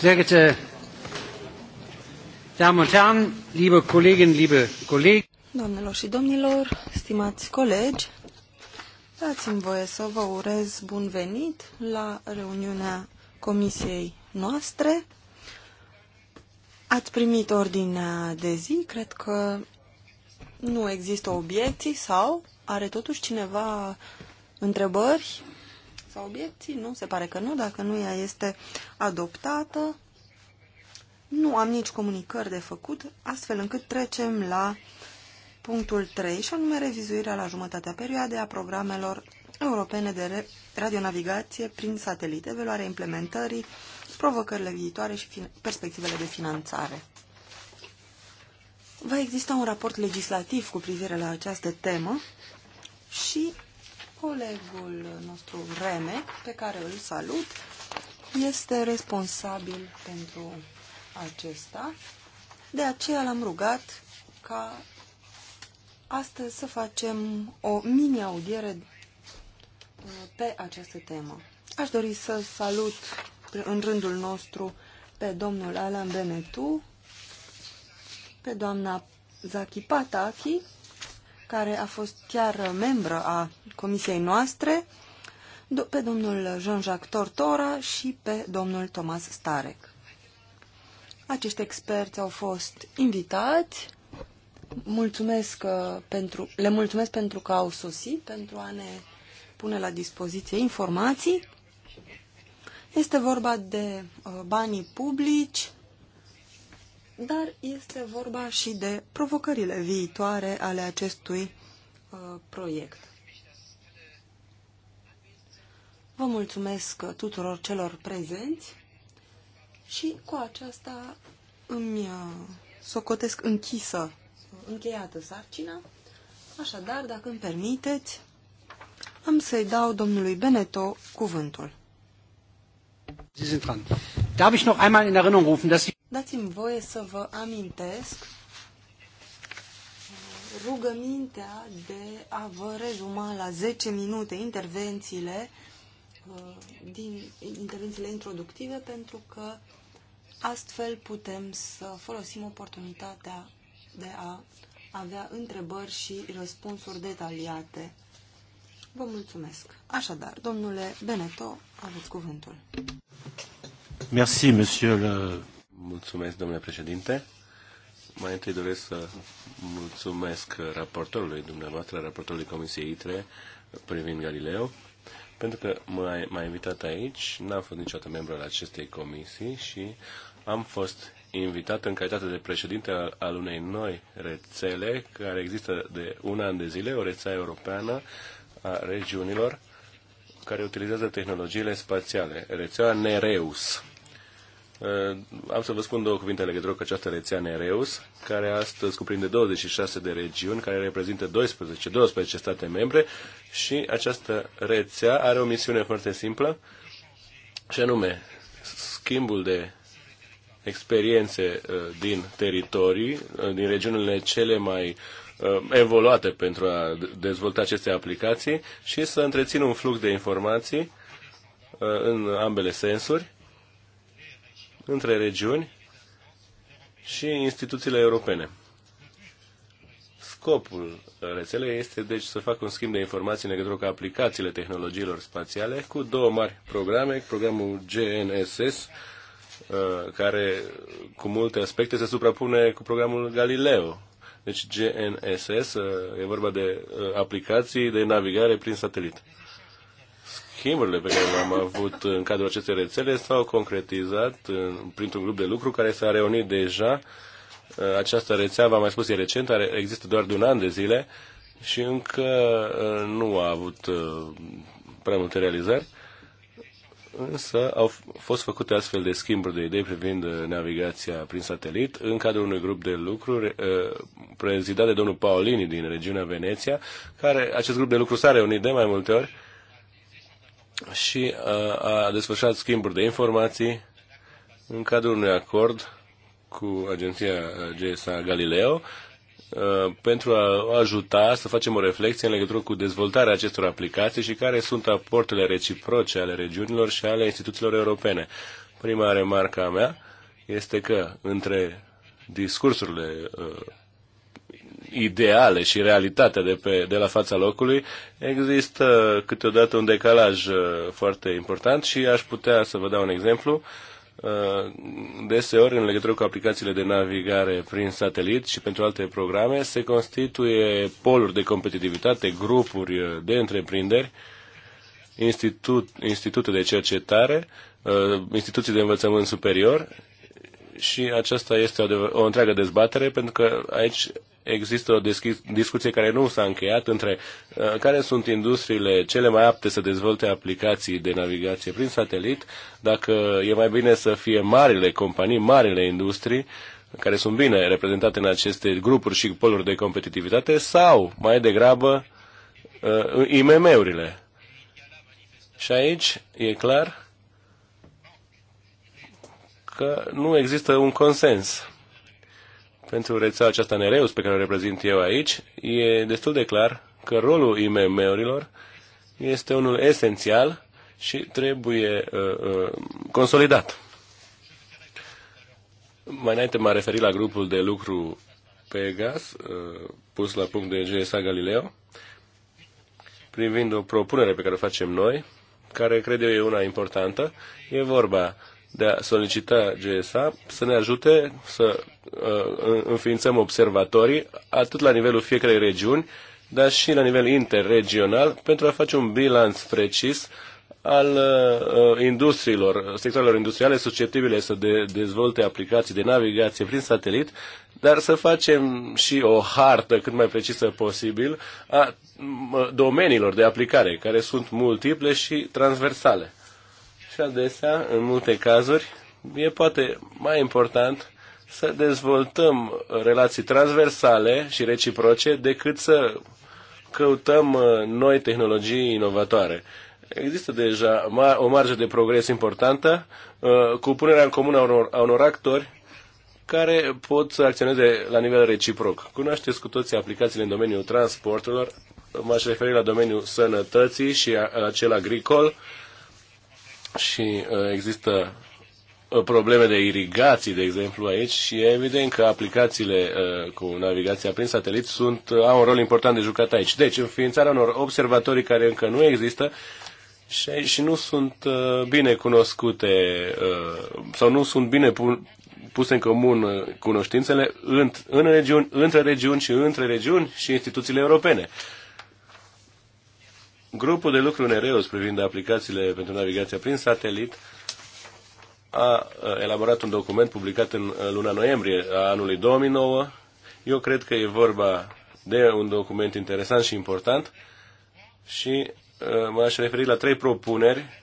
Sehr geehrte Damen und Herren, liebe Kolleginnen, liebe Kollegen. Doamnelor și domnilor, stimați colegi, dați-mi voie să vă urez bun venit la reuniunea comisiei noastre. Ați primit ordinea de zi, cred că nu există obiecții sau are totuși cineva întrebări sau obiecții? Nu, se pare că nu. Dacă nu, ea este adoptată. Nu am nici comunicări de făcut, astfel încât trecem la punctul 3, și anume revizuirea la jumătatea perioadei a programelor europene de radionavigație prin satelit, evaluarea implementării, provocările viitoare și perspectivele de finanțare. Va exista un raport legislativ cu privire la această temă și Colegul nostru Reme, pe care îl salut, este responsabil pentru acesta. De aceea l-am rugat ca astăzi să facem o mini-audiere pe această temă. Aș dori să salut în rândul nostru pe domnul Alan Benetu, pe doamna Zaki Pataki, care a fost chiar membră a comisiei noastre, pe domnul Jean-Jacques Tortora și pe domnul Thomas Starek. Acești experți au fost invitați. Mulțumesc uh, pentru, le mulțumesc pentru că au sosit, pentru a ne pune la dispoziție informații. Este vorba de uh, banii publici dar este vorba și de provocările viitoare ale acestui uh, proiect. Vă mulțumesc tuturor celor prezenți și cu aceasta îmi uh, socotesc închisă, încheiată sarcina. Așadar, dacă îmi permiteți, am să-i dau domnului Beneto cuvântul. Sie sind dran. Darf ich noch einmal in Erinnerung rufen, dass Dați-mi voie să vă amintesc rugămintea de a vă rezuma la 10 minute intervențiile uh, din intervențiile introductive pentru că astfel putem să folosim oportunitatea de a avea întrebări și răspunsuri detaliate. Vă mulțumesc. Așadar, domnule Beneto, aveți cuvântul. Merci, monsieur le Mulțumesc, domnule președinte. Mai întâi doresc să mulțumesc raportorului dumneavoastră, raportorului Comisiei ITRE privind Galileo, pentru că m-a, invitat aici, n-am fost niciodată membru al acestei comisii și am fost invitat în calitate de președinte al, al unei noi rețele care există de un an de zile, o rețea europeană a regiunilor care utilizează tehnologiile spațiale, rețeaua Nereus. Uh, am să vă spun două cuvinte legătură cu această rețea Nereus, care astăzi cuprinde 26 de regiuni, care reprezintă 12, 12 state membre și această rețea are o misiune foarte simplă, și anume schimbul de experiențe uh, din teritorii, uh, din regiunile cele mai evoluate pentru a dezvolta aceste aplicații și să întrețină un flux de informații în ambele sensuri între regiuni și instituțiile europene. Scopul rețelei este deci să facă un schimb de informații în legătură cu aplicațiile tehnologiilor spațiale cu două mari programe, programul GNSS, uh, care cu multe aspecte se suprapune cu programul Galileo. Deci GNSS uh, e vorba de uh, aplicații de navigare prin satelit schimburile pe care le-am avut în cadrul acestei rețele s-au concretizat printr-un grup de lucru care s-a reunit deja. Uh, această rețea, v-am mai spus, e recent, are, există doar de un an de zile și încă uh, nu a avut uh, prea multe realizări, însă au fost făcute astfel de schimburi de idei privind navigația prin satelit în cadrul unui grup de lucru prezidat de domnul Paolini din regiunea Veneția, care acest grup de lucru s-a reunit de mai multe ori și uh, a desfășurat schimburi de informații în cadrul unui acord cu agenția GSA Galileo uh, pentru a ajuta să facem o reflexie în legătură cu dezvoltarea acestor aplicații și care sunt aportele reciproce ale regiunilor și ale instituțiilor europene. Prima remarca mea este că între discursurile uh, ideale și realitatea de, pe, de la fața locului, există câteodată un decalaj uh, foarte important și aș putea să vă dau un exemplu. Uh, deseori, în legătură cu aplicațiile de navigare prin satelit și pentru alte programe, se constituie poluri de competitivitate, grupuri uh, de întreprinderi, institut, institute de cercetare, instituții de învățământ superior și aceasta este o, o întreagă dezbatere, pentru că aici există o discuție care nu s-a încheiat între uh, care sunt industriile cele mai apte să dezvolte aplicații de navigație prin satelit, dacă e mai bine să fie marile companii, marile industrii, care sunt bine reprezentate în aceste grupuri și poluri de competitivitate, sau mai degrabă uh, IMM-urile. Și aici e clar că nu există un consens pentru rețeaua aceasta Nereus pe care o reprezint eu aici, e destul de clar că rolul IMM-urilor este unul esențial și trebuie uh, uh, consolidat. Mai înainte m-a referit la grupul de lucru Pegas, uh, pus la punct de GSA Galileo, privind o propunere pe care o facem noi, care cred eu e una importantă. E vorba de a solicita GSA să ne ajute să uh, înființăm observatorii atât la nivelul fiecarei regiuni, dar și la nivel interregional pentru a face un bilanț precis al uh, uh, industriilor, sectoarelor industriale susceptibile să de, dezvolte aplicații de navigație prin satelit, dar să facem și o hartă cât mai precisă posibil a domeniilor de aplicare, care sunt multiple și transversale și adesea, în multe cazuri, e poate mai important să dezvoltăm relații transversale și reciproce decât să căutăm uh, noi tehnologii inovatoare. Există deja o marjă de progres importantă uh, cu punerea în comun a unor, a unor actori care pot să acționeze la nivel reciproc. Cunoașteți cu toții aplicațiile în domeniul transporturilor, m-aș referi la domeniul sănătății și la cel agricol, și uh, există uh, probleme de irigații, de exemplu, aici și e evident că aplicațiile uh, cu navigația prin satelit sunt, au un rol important de jucat aici. Deci, înființarea unor observatorii care încă nu există și, și nu sunt bine cunoscute sau nu sunt bine puse în comun cunoștințele în, în regiuni, între regiuni și între regiuni și instituțiile europene. Grupul de lucru Nereus privind aplicațiile pentru navigația prin satelit a elaborat un document publicat în luna noiembrie a anului 2009. Eu cred că e vorba de un document interesant și important și m-aș referi la trei propuneri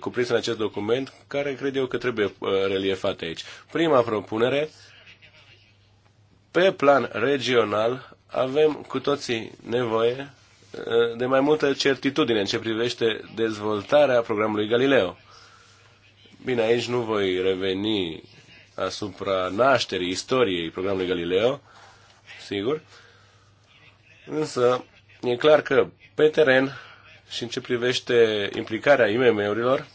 cuprinse în acest document care cred eu că trebuie reliefate aici. Prima propunere, pe plan regional avem cu toții nevoie de mai multă certitudine în ce privește dezvoltarea programului Galileo. Bine, aici nu voi reveni asupra nașterii istoriei programului Galileo, sigur, însă e clar că pe teren și în ce privește implicarea IMM-urilor,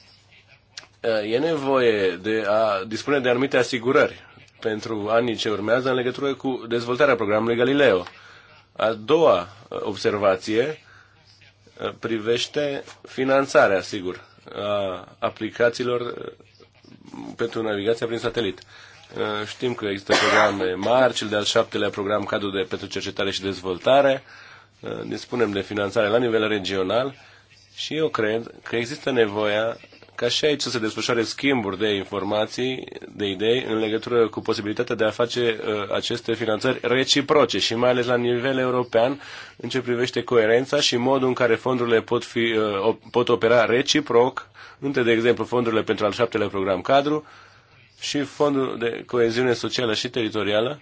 e nevoie de a dispune de anumite asigurări pentru anii ce urmează în legătură cu dezvoltarea programului Galileo a doua uh, observație uh, privește finanțarea, sigur, a aplicațiilor uh, pentru navigația prin satelit. Știm că există programe mari, cel de-al șaptelea program cadru de, pentru cercetare și dezvoltare, dispunem de finanțare la nivel regional și eu cred că există nevoia ca și aici să se desfășoare schimburi de informații, de idei, în legătură cu posibilitatea de a face uh, aceste finanțări reciproce și mai ales la nivel european în ce privește coerența și modul în care fondurile pot, fi, uh, pot opera reciproc între, de exemplu, fondurile pentru al șaptele program cadru și fondul de coeziune socială și teritorială,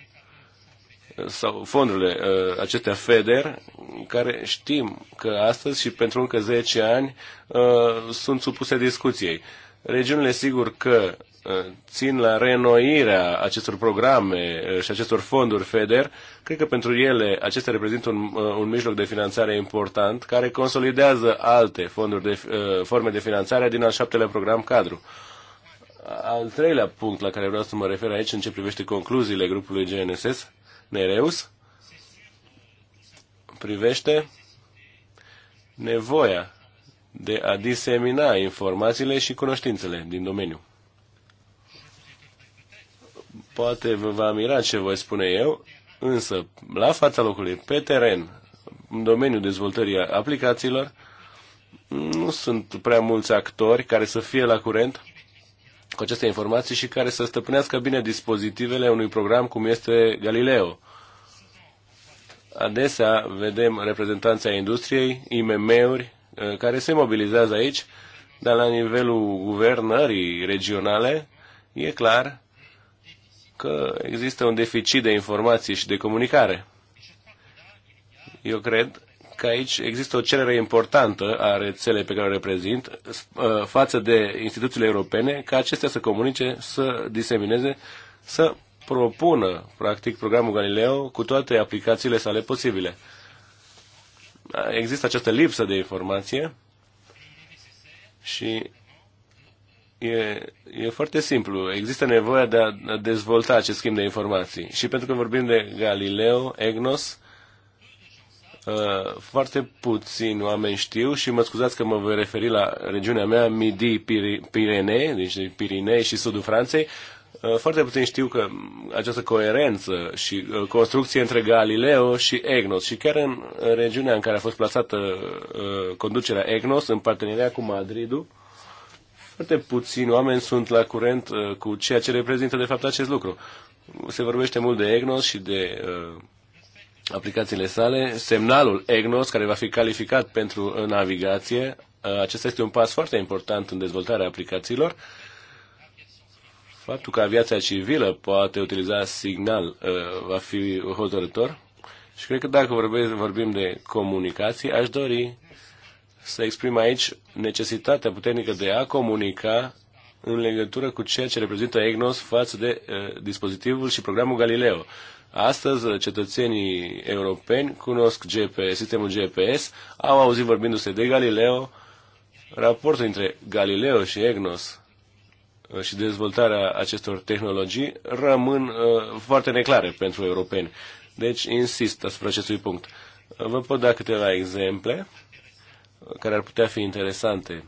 sau fondurile uh, acestea FEDER, care știm că astăzi și pentru încă 10 ani uh, sunt supuse discuției. Regiunile, sigur că uh, țin la reînnoirea acestor programe și acestor fonduri FEDER, cred că pentru ele acestea reprezintă un, un mijloc de finanțare important care consolidează alte fonduri de, forme de finanțare din al șaptelea program cadru. Al treilea punct la care vreau să mă refer aici în ce privește concluziile grupului GNSS Nereus privește nevoia de a disemina informațiile și cunoștințele din domeniu. Poate vă va mira ce voi spune eu, însă la fața locului, pe teren, în domeniul dezvoltării aplicațiilor, nu sunt prea mulți actori care să fie la curent cu aceste informații și care să stăpânească bine dispozitivele unui program cum este Galileo. Adesea vedem reprezentanța industriei, IMM-uri, uh, care se mobilizează aici, dar la nivelul guvernării regionale e clar că există un deficit de informații și de comunicare. Eu cred că aici există o cerere importantă a rețelei pe care o reprezint uh, față de instituțiile europene ca acestea să comunice, să disemineze, să propună, practic, programul Galileo cu toate aplicațiile sale posibile. Există această lipsă de informație și e, e foarte simplu. Există nevoia de a dezvolta acest schimb de informații. Și pentru că vorbim de Galileo, EGNOS, Uh, foarte puțin oameni știu și mă scuzați că mă voi referi la regiunea mea, Midi-Pirenei, deci Pirinei și sudul Franței, uh, foarte puțin știu că această coerență și uh, construcție între Galileo și EGNOS și chiar în regiunea în care a fost plasată conducerea EGNOS în parteneria cu Madridul, foarte puțin oameni sunt la curent cu ceea ce reprezintă de fapt acest lucru. Se vorbește mult de EGNOS și de uh, aplicațiile sale, semnalul EGNOS, care va fi calificat pentru navigație, uh, acesta este un pas foarte important în dezvoltarea aplicațiilor. Faptul că aviația civilă poate utiliza signal uh, va fi hotărător. Și cred că dacă vorbim de comunicații, aș dori să exprim aici necesitatea puternică de a comunica în legătură cu ceea ce reprezintă EGNOS față de uh, dispozitivul și programul Galileo. Astăzi, cetățenii europeni cunosc GPS, sistemul GPS, au auzit vorbindu-se de Galileo, raportul între Galileo și EGNOS uh, și dezvoltarea acestor tehnologii rămân uh, foarte neclare pentru europeni. Deci insist asupra acestui punct. Vă pot da câteva exemple uh, care ar putea fi interesante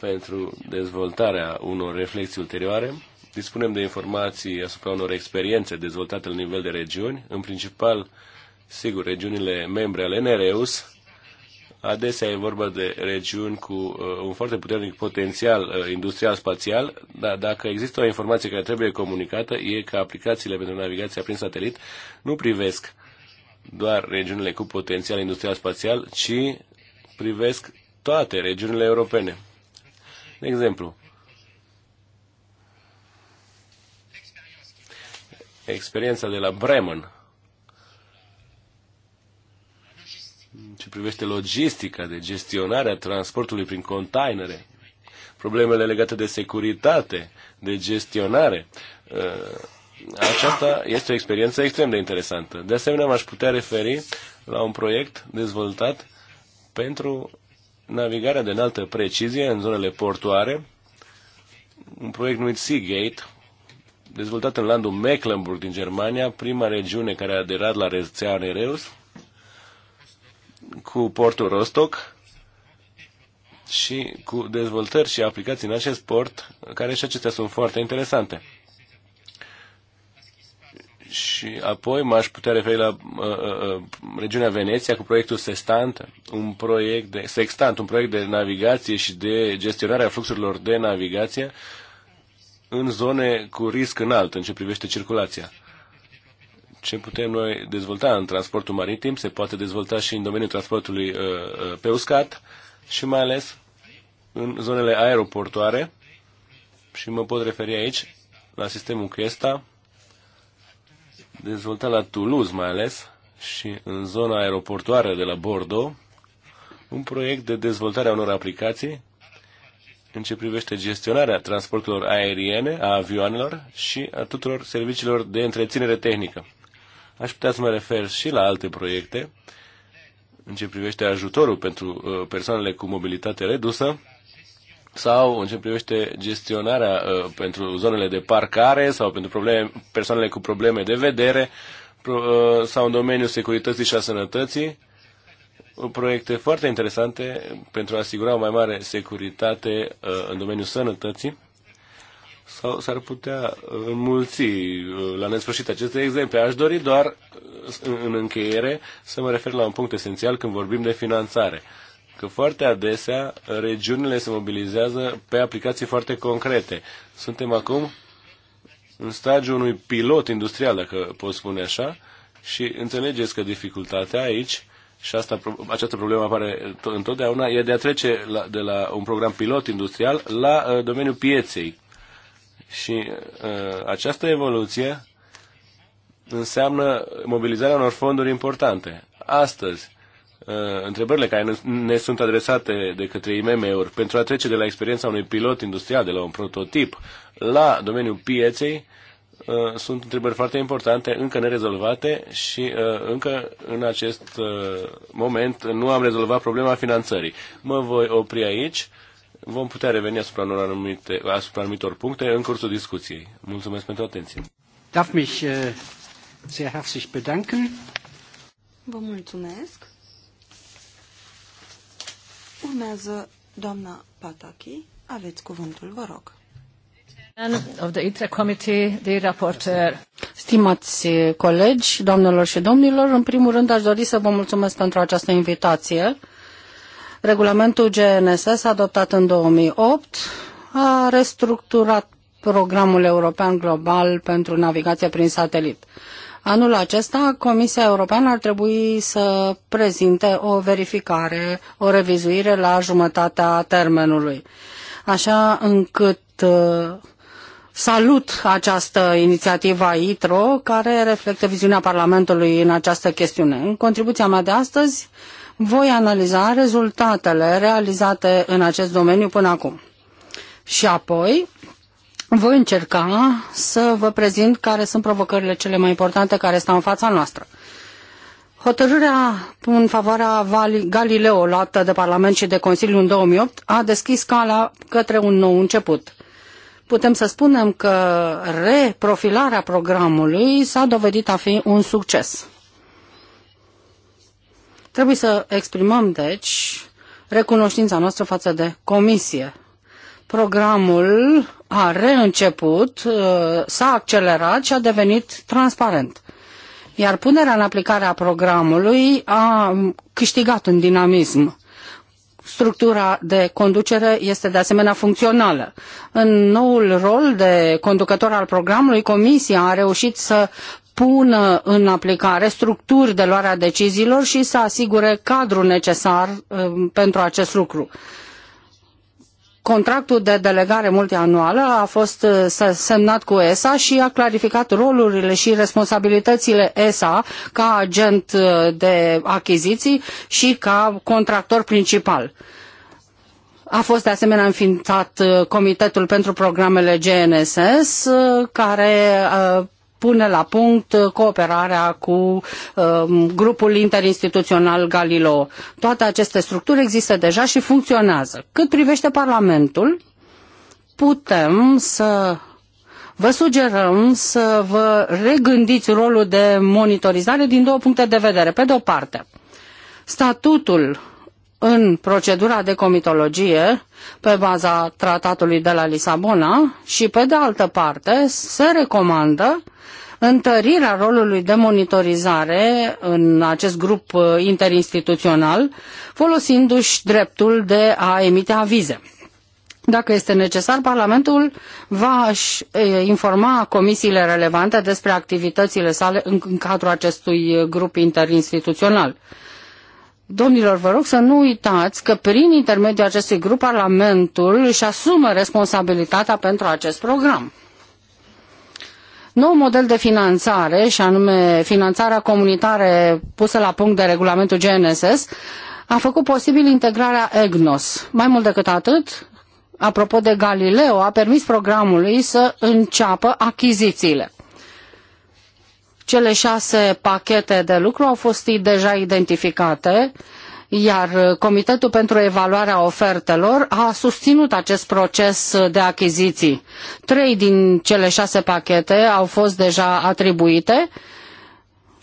pentru dezvoltarea unor reflexii ulterioare dispunem de informații asupra unor experiențe dezvoltate la nivel de regiuni, în principal, sigur, regiunile membre ale Nereus. adesea e vorba de regiuni cu uh, un foarte puternic potențial uh, industrial spațial, dar dacă există o informație care trebuie comunicată, e că aplicațiile pentru navigația prin satelit nu privesc doar regiunile cu potențial industrial spațial, ci privesc toate regiunile europene. De exemplu, experiența de la Bremen ce privește logistica de gestionarea transportului prin containere, problemele legate de securitate, de gestionare. Ă, aceasta este o experiență extrem de interesantă. De asemenea, m-aș putea referi la un proiect dezvoltat pentru navigarea de înaltă precizie în zonele portoare, un proiect numit Seagate, dezvoltat în landul Mecklenburg din Germania, prima regiune care a aderat la rețea Nereus, cu portul Rostock și cu dezvoltări și aplicații în acest port, care și acestea sunt foarte interesante. Și apoi m-aș putea referi la uh, uh, uh regiunea Veneția cu proiectul Sextant, un proiect de, Sextant, un proiect de navigație și de gestionare a fluxurilor de navigație, uh, în zone cu risc înalt în ce privește circulația. Ce putem noi dezvolta în transportul maritim se poate dezvolta și în domeniul transportului uh, uh, pe uscat și mai ales în zonele aeroportoare și mă pot referi aici la sistemul Cuesta, dezvoltat la Toulouse mai ales și în zona aeroportoară de la Bordeaux, un proiect de dezvoltare a unor aplicații în ce privește gestionarea transporturilor aeriene, a avioanelor și a tuturor serviciilor de întreținere tehnică. Aș putea să mă refer și la alte proiecte în ce privește ajutorul pentru uh, persoanele cu mobilitate redusă sau în ce privește gestionarea uh, pentru zonele de parcare sau pentru probleme, persoanele cu probleme de vedere uh, sau în domeniul securității și a sănătății proiecte foarte interesante pentru a asigura o mai mare securitate uh, în domeniul sănătății sau s-ar putea înmulți uh, la nesfârșit aceste exemple. Aș dori doar, uh, în încheiere, să mă refer la un punct esențial când vorbim de finanțare. Că foarte adesea regiunile se mobilizează pe aplicații foarte concrete. Suntem acum în stadiul unui pilot industrial, dacă pot spune așa, și înțelegeți că dificultatea aici și asta, această problemă apare întotdeauna, e de a trece la, de la un program pilot industrial la uh, domeniul pieței. Și uh, această evoluție înseamnă mobilizarea unor fonduri importante. Astăzi, uh, întrebările care ne, ne sunt adresate de către IMM-uri pentru a trece de la experiența unui pilot industrial, de la un prototip, la domeniul pieței, uh, Uh, sunt întrebări foarte importante, încă nerezolvate și uh, încă în acest uh, moment nu am rezolvat problema finanțării. Mă voi opri aici. Vom putea reveni asupra, unor anumite, asupra anumitor puncte în cursul discuției. Mulțumesc pentru atenție. Darf mich sehr herzlich bedanken. Vă mulțumesc. Urmează doamna Pataki. Aveți cuvântul, vă rog. Stimați eh, colegi, doamnelor și domnilor, în primul rând aș dori să vă mulțumesc pentru această invitație. Regulamentul GNSS adoptat în 2008 a restructurat programul european global pentru navigație prin satelit. Anul acesta, Comisia Europeană ar trebui să prezinte o verificare, o revizuire la jumătatea termenului, așa încât eh, Salut această inițiativă a ITRO care reflectă viziunea Parlamentului în această chestiune. În contribuția mea de astăzi voi analiza rezultatele realizate în acest domeniu până acum. Și apoi voi încerca să vă prezint care sunt provocările cele mai importante care stau în fața noastră. Hotărârea în favoarea Galileo luată de Parlament și de Consiliu în 2008 a deschis calea către un nou început putem să spunem că reprofilarea programului s-a dovedit a fi un succes. Trebuie să exprimăm, deci, recunoștința noastră față de comisie. Programul a reînceput, uh, s-a accelerat și a devenit transparent. Iar punerea în aplicare a programului a câștigat un dinamism. Structura de conducere este de asemenea funcțională. În noul rol de conducător al programului, Comisia a reușit să pună în aplicare structuri de luare a deciziilor și să asigure cadrul necesar um, pentru acest lucru contractul de delegare multianuală a fost uh, semnat cu ESA și a clarificat rolurile și responsabilitățile ESA ca agent uh, de achiziții și ca contractor principal. A fost de asemenea înființat uh, Comitetul pentru Programele GNSS, care pune la punct uh, cooperarea cu um, grupul interinstituțional Galileo. Toate aceste structuri există deja și funcționează. Cât privește Parlamentul, putem să vă sugerăm să vă regândiți rolul de monitorizare din două puncte de vedere. Pe de o parte, statutul în procedura de comitologie pe baza tratatului de la Lisabona și, pe de altă parte, se recomandă întărirea rolului de monitorizare în acest grup uh, interinstituțional, folosindu-și dreptul de a emite avize. Dacă este necesar, Parlamentul va informa comisiile relevante despre activitățile sale în cadrul acestui uh, grup interinstituțional. Domnilor, vă rog să nu uitați că prin intermediul acestui grup Parlamentul își asumă responsabilitatea pentru acest program. Nou model de finanțare, și anume finanțarea comunitară pusă la punct de regulamentul GNSS, a făcut posibil integrarea EGNOS. Mai mult decât atât, apropo de Galileo, a permis programului să înceapă achizițiile. Cele șase pachete de lucru au fost deja identificate, iar Comitetul pentru Evaluarea Ofertelor a susținut acest proces de achiziții. Trei din cele șase pachete au fost deja atribuite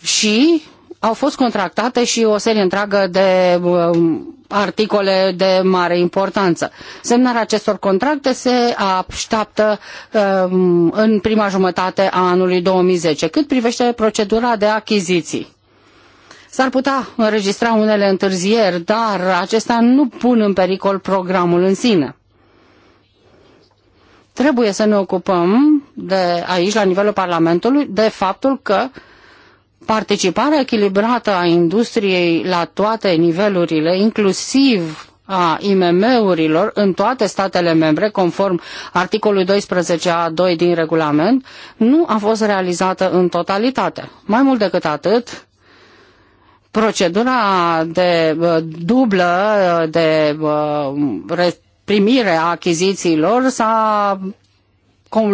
și au fost contractate și o serie întreagă de um, articole de mare importanță. Semnarea acestor contracte se așteaptă um, în prima jumătate a anului 2010. Cât privește procedura de achiziții, S-ar putea înregistra unele întârzieri, dar acestea nu pun în pericol programul în sine. Trebuie să ne ocupăm de aici, la nivelul Parlamentului, de faptul că uh, participarea echilibrată a industriei la toate nivelurile, inclusiv a IMM-urilor în toate statele membre, conform articolului 12a2 din regulament, nu a fost realizată în totalitate. Mai mult decât atât, procedura de uh, dublă uh, de uh, primire a achizițiilor s-a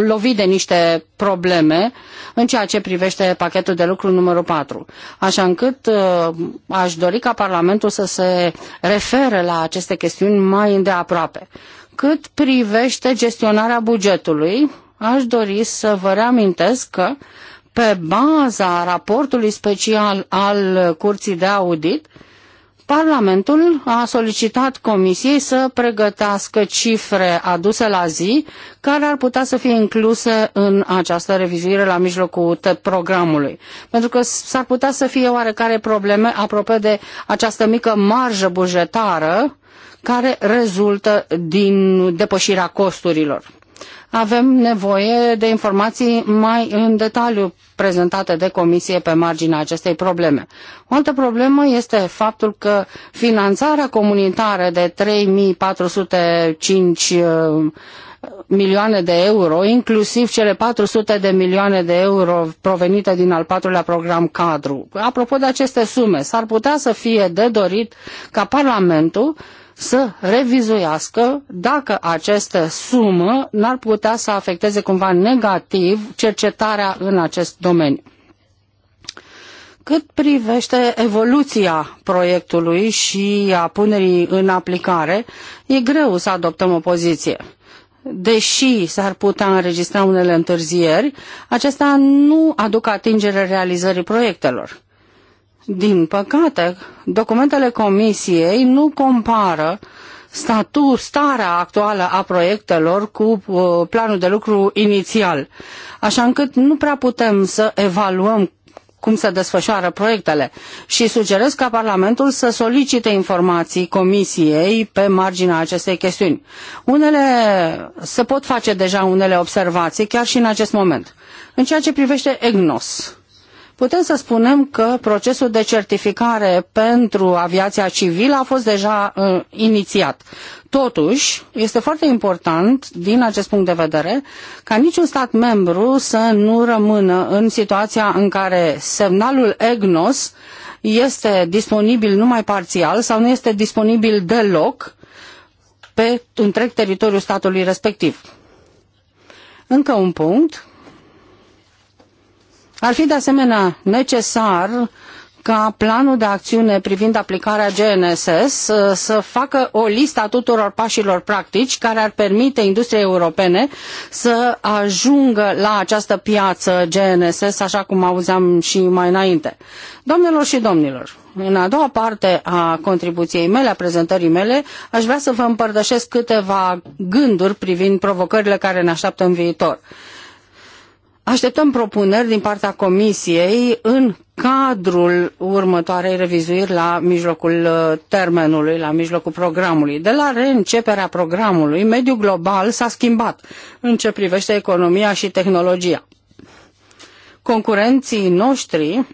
lovit de niște probleme în ceea ce privește pachetul de lucru numărul 4. Așa încât uh, aș dori ca Parlamentul să se refere la aceste chestiuni mai îndeaproape. Cât privește gestionarea bugetului, aș dori să vă reamintesc că pe baza raportului special al Curții de Audit, Parlamentul a solicitat Comisiei să pregătească cifre aduse la zi care ar putea să fie incluse în această revizuire la mijlocul programului. Pentru că s-ar putea să fie oarecare probleme apropo de această mică marjă bugetară care rezultă din depășirea costurilor avem nevoie de informații mai în detaliu prezentate de comisie pe marginea acestei probleme. O altă problemă este faptul că finanțarea comunitară de 3405 uh, milioane de euro, inclusiv cele 400 de milioane de euro provenite din al patrulea program cadru. Apropo de aceste sume, s-ar putea să fie de dorit ca Parlamentul să revizuiască dacă această sumă n-ar putea să afecteze cumva negativ cercetarea în acest domeniu. Cât privește evoluția proiectului și a punerii în aplicare, e greu să adoptăm o poziție. Deși s-ar putea înregistra unele întârzieri, acestea nu aduc atingere realizării proiectelor. Din păcate, documentele comisiei nu compară statu, starea actuală a proiectelor cu uh, planul de lucru inițial, așa încât nu prea putem să evaluăm cum se desfășoară proiectele și sugerez ca Parlamentul să solicite informații Comisiei pe marginea acestei chestiuni. Unele se pot face deja unele observații chiar și în acest moment. În ceea ce privește EGNOS, putem să spunem că procesul de certificare pentru aviația civilă a fost deja uh, inițiat. Totuși, este foarte important, din acest punct de vedere, ca niciun stat membru să nu rămână în situația în care semnalul EGNOS este disponibil numai parțial sau nu este disponibil deloc pe întreg teritoriul statului respectiv. Încă un punct ar fi de asemenea necesar ca planul de acțiune privind aplicarea GNSS uh, să, facă o listă a tuturor pașilor practici care ar permite industriei europene să ajungă la această piață GNSS, așa cum auzeam și mai înainte. Domnilor și domnilor, în a doua parte a contribuției mele, a prezentării mele, aș vrea să vă împărtășesc câteva gânduri privind provocările care ne așteaptă în viitor. Așteptăm propuneri din partea Comisiei în cadrul următoarei revizuiri la mijlocul uh, termenului, la mijlocul programului. De la reînceperea programului, mediul global s-a schimbat în ce privește economia și tehnologia. Concurenții noștri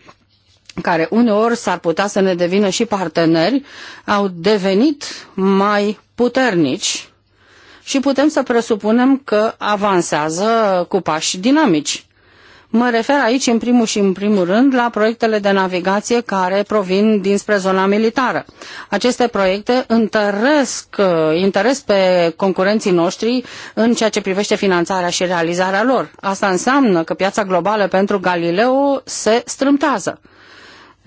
care uneori s-ar putea să ne devină și parteneri, au devenit mai puternici și putem să presupunem că avansează cu pași dinamici. Mă refer aici în primul și în primul rând la proiectele de navigație care provin dinspre zona militară. Aceste proiecte întăresc uh, interes pe concurenții noștri în ceea ce privește finanțarea și realizarea lor. Asta înseamnă că piața globală pentru Galileo se strâmtează.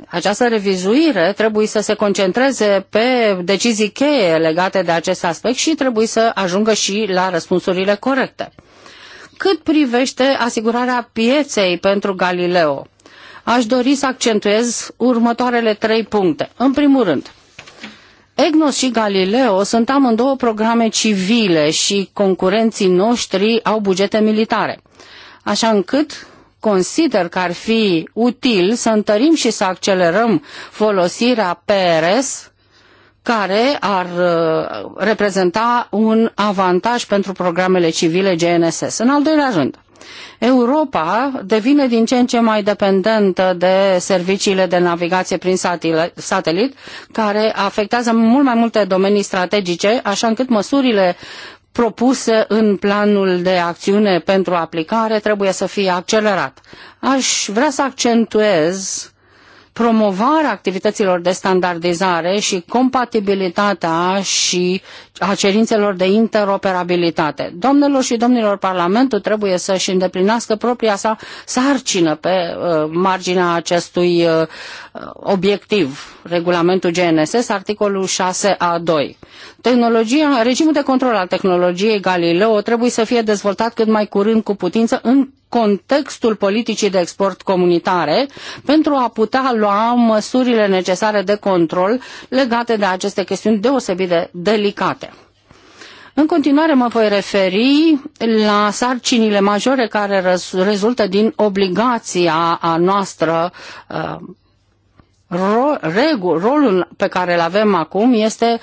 Această revizuire trebuie să se concentreze pe decizii cheie legate de acest aspect și trebuie să ajungă și la răspunsurile corecte. Cât privește asigurarea pieței pentru Galileo, aș dori să accentuez următoarele trei puncte. În primul rând, EGNOS și Galileo sunt amândouă programe civile și concurenții noștri au bugete militare, așa încât consider că ar fi util să întărim și să accelerăm folosirea PRS care ar uh, reprezenta un avantaj pentru programele civile GNSS. În al doilea rând, Europa devine din ce în ce mai dependentă de serviciile de navigație prin satelit, care afectează mult mai multe domenii strategice, așa încât măsurile propuse în planul de acțiune pentru aplicare trebuie să fie accelerat. Aș vrea să accentuez promovarea activităților de standardizare și compatibilitatea și a cerințelor de interoperabilitate. Domnilor și domnilor, Parlamentul trebuie să-și îndeplinească propria sa sarcină pe uh, marginea acestui uh, obiectiv, regulamentul GNSS, articolul 6A2. Tehnologia, regimul de control al tehnologiei Galileo trebuie să fie dezvoltat cât mai curând cu putință în contextul politicii de export comunitare pentru a putea lua măsurile necesare de control legate de aceste chestiuni deosebit de delicate. În continuare mă voi referi la sarcinile majore care rezultă din obligația a noastră uh, rolul pe care îl avem acum este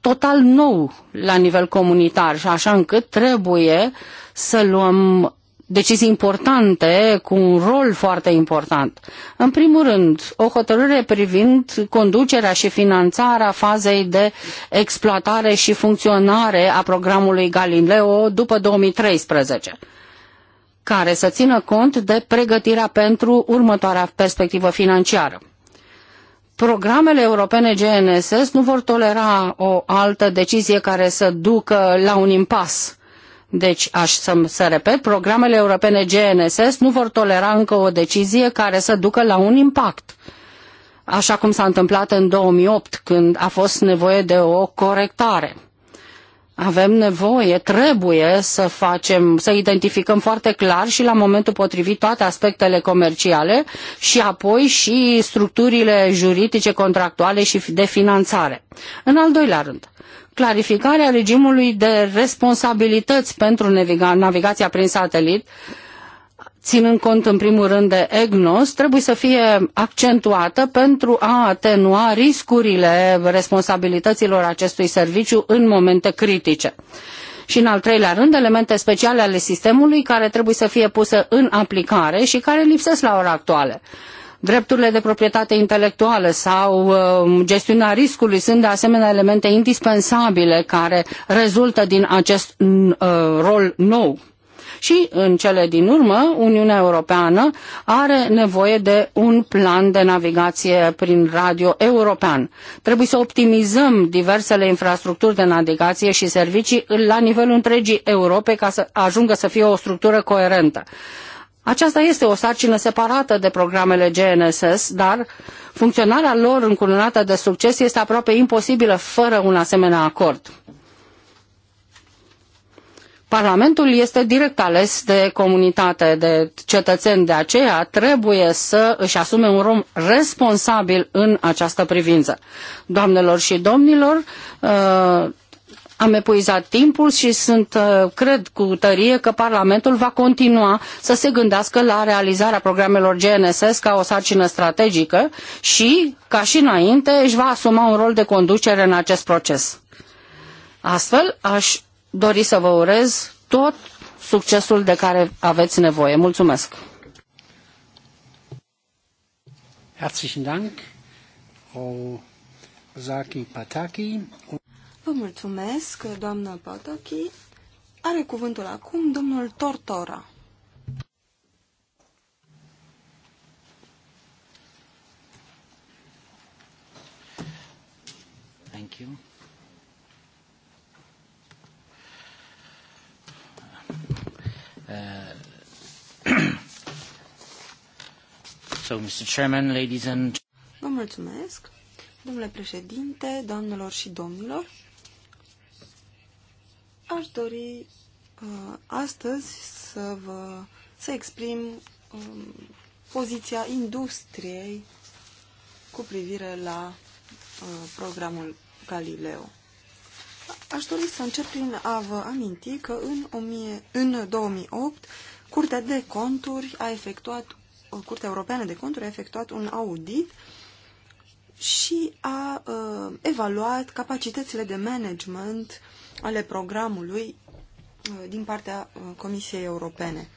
total nou la nivel comunitar și așa încât trebuie să luăm decizii importante cu un rol foarte important. În primul rând, o hotărâre privind conducerea și finanțarea fazei de exploatare și funcționare a programului Galileo după 2013 care să țină cont de pregătirea pentru următoarea perspectivă financiară. Programele europene GNSS nu vor tolera o altă decizie care să ducă la un impas deci, aș să, să repet, programele europene GNSS nu vor tolera încă o decizie care să ducă la un impact așa cum s-a întâmplat în 2008, când a fost nevoie de o corectare. Avem nevoie, trebuie să facem, să identificăm foarte clar și la momentul potrivit toate aspectele comerciale și apoi și structurile juridice, contractuale și de finanțare. În al doilea rând, clarificarea regimului de responsabilități pentru naviga navigația prin satelit, ținând cont în primul rând de EGNOS, trebuie să fie accentuată pentru a atenua riscurile responsabilităților acestui serviciu în momente critice. Și în al treilea rând, elemente speciale ale sistemului care trebuie să fie puse în aplicare și care lipsesc la ora actuală Drepturile de proprietate intelectuală sau uh, gestiunea riscului sunt de asemenea elemente indispensabile care rezultă din acest mm, uh, rol nou. Și, în cele din urmă, Uniunea Europeană are nevoie de un plan de navigație prin radio european. Trebuie să optimizăm diversele infrastructuri de navigație și servicii la nivelul întregii Europe ca să ajungă să fie o structură coerentă. Aceasta este o sarcină separată de programele GNSS, dar funcționarea lor încununată de succes este aproape imposibilă fără un asemenea acord. Parlamentul este direct ales de comunitate, de cetățeni, de aceea trebuie să își asume un rom responsabil în această privință. Doamnelor și domnilor, uh, am epuizat timpul și sunt, uh, cred cu tărie că Parlamentul va continua să se gândească la realizarea programelor GNSS ca o sarcină strategică și, ca și înainte, își va asuma un rol de conducere în acest proces. Astfel, aș dori să vă urez tot succesul de care aveți nevoie. Mulțumesc! Herzlichen Dank, Frau Saki Pataki. Vă mulțumesc, doamnă Potochi. Are cuvântul acum domnul Tortora. Thank you. Uh, so, Mr. Chairman, ladies and... Vă mulțumesc, domnule președinte, doamnelor și domnilor. Aș dori uh, astăzi să vă să exprim um, poziția industriei cu privire la uh, programul Galileo. Aș dori să încep prin a vă aminti că în, 1000, în 2008 Curtea de Conturi a efectuat, uh, Curtea Europeană de Conturi a efectuat un audit și a uh, evaluat capacitățile de management ale programului uh, din partea uh, Comisiei Europene.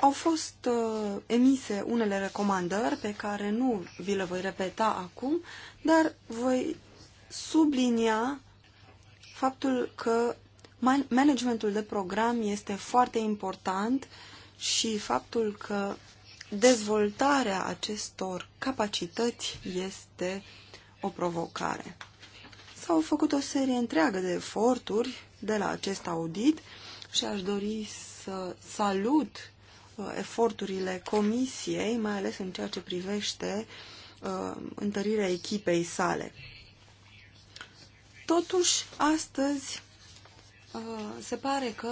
Au fost uh, emise unele recomandări pe care nu vi le voi repeta acum, dar voi sublinia faptul că managementul de program este foarte important și faptul că dezvoltarea acestor capacități este o provocare. S-au făcut o serie întreagă de eforturi de la acest audit și aș dori să salut uh, eforturile comisiei, mai ales în ceea ce privește uh, întărirea echipei sale. Totuși, astăzi uh, se pare că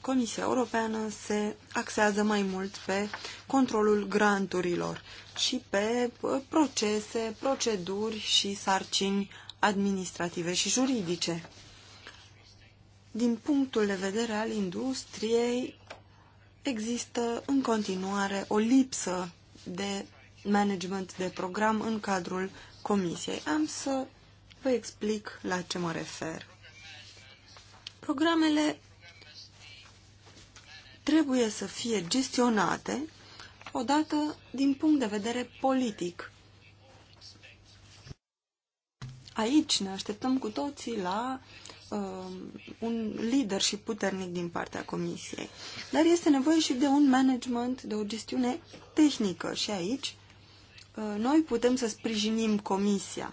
Comisia Europeană se axează mai mult pe controlul granturilor și pe uh, procese, proceduri și sarcini administrative și juridice. Din punctul de vedere al industriei, există în continuare o lipsă de management de program în cadrul comisiei. Am să vă explic la ce mă refer. Programele trebuie să fie gestionate odată din punct de vedere politic aici ne așteptăm cu toții la uh, un lider și puternic din partea comisiei. Dar este nevoie și de un management, de o gestiune tehnică și aici uh, noi putem să sprijinim comisia.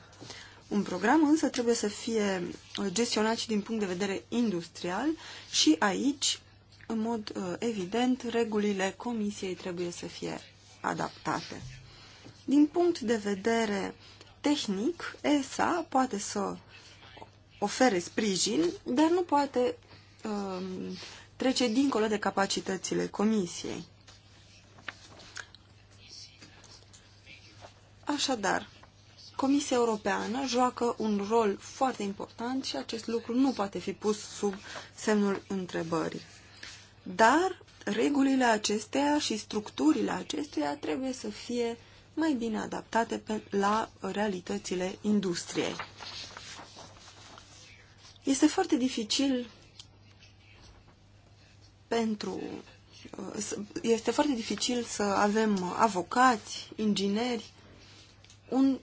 Un program însă trebuie să fie uh, gestionat și din punct de vedere industrial și aici, în mod uh, evident, regulile comisiei trebuie să fie adaptate. Din punct de vedere uh, tehnic, ESA poate să ofere sprijin, dar nu poate um, trece dincolo de capacitățile comisiei. Așadar, Comisia Europeană joacă un rol foarte important și acest lucru nu poate fi pus sub semnul întrebării. Dar regulile acesteia și structurile acesteia trebuie să fie uh, mai bine adaptate pe, la realitățile industriei. Este foarte dificil pentru uh, este foarte dificil să avem avocați, ingineri. Un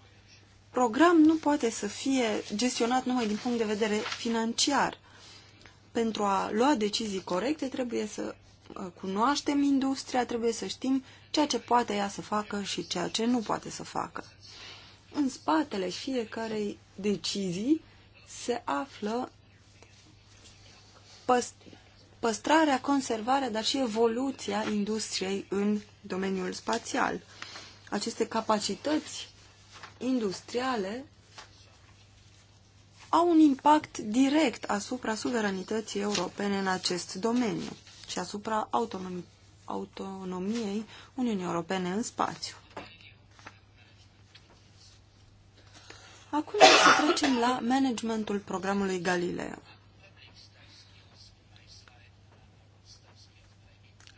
program nu poate să fie gestionat numai din punct de vedere financiar. Pentru a lua decizii corecte trebuie să Ă, cunoaștem industria, trebuie să știm ceea ce poate ea să facă și ceea ce nu poate să facă. În spatele fiecarei decizii se află păstrarea, conservarea, dar și evoluția industriei în domeniul spațial. Aceste capacități industriale au un impact direct asupra suveranității europene în acest domeniu și asupra autonom autonomiei Uniunii Europene în spațiu. Acum să trecem la managementul programului Galileo.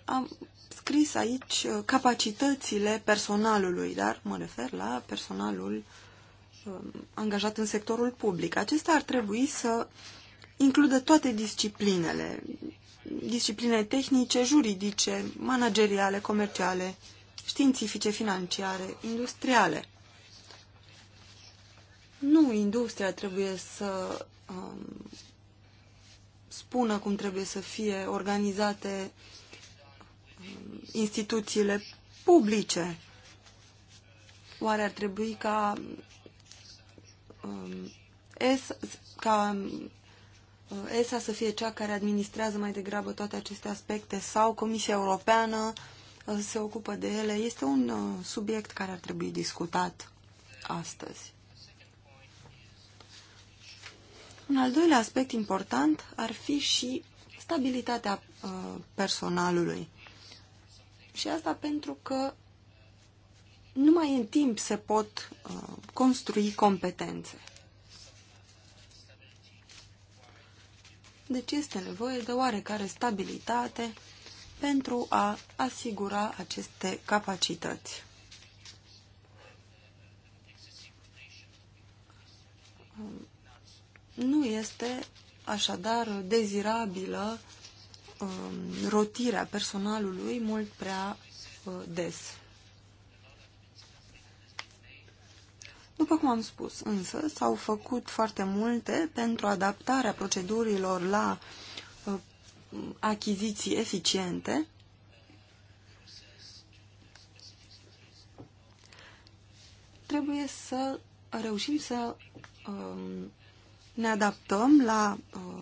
Am scris aici capacitățile personalului, dar mă refer la personalul um, angajat în sectorul public. Acesta ar trebui să includă toate disciplinele, discipline tehnice, juridice, manageriale, comerciale, științifice, financiare, industriale. Nu industria trebuie să um, spună cum trebuie să fie organizate um, instituțiile publice. Oare ar trebui ca, um, es, ca Uh, ESA să fie cea care administrează mai degrabă toate aceste aspecte sau Comisia Europeană uh, se ocupă de ele. Este un uh, subiect care ar trebui discutat astăzi. Un al doilea aspect important ar fi și stabilitatea personalului. Și asta pentru că numai în timp se pot construi competențe. Deci este nevoie de oarecare stabilitate pentru a asigura aceste capacități. Nu este așadar dezirabilă um, rotirea personalului mult prea uh, des. După cum am spus, însă, s-au făcut foarte multe pentru adaptarea procedurilor la uh, achiziții eficiente trebuie să reușim să uh, ne adaptăm la uh,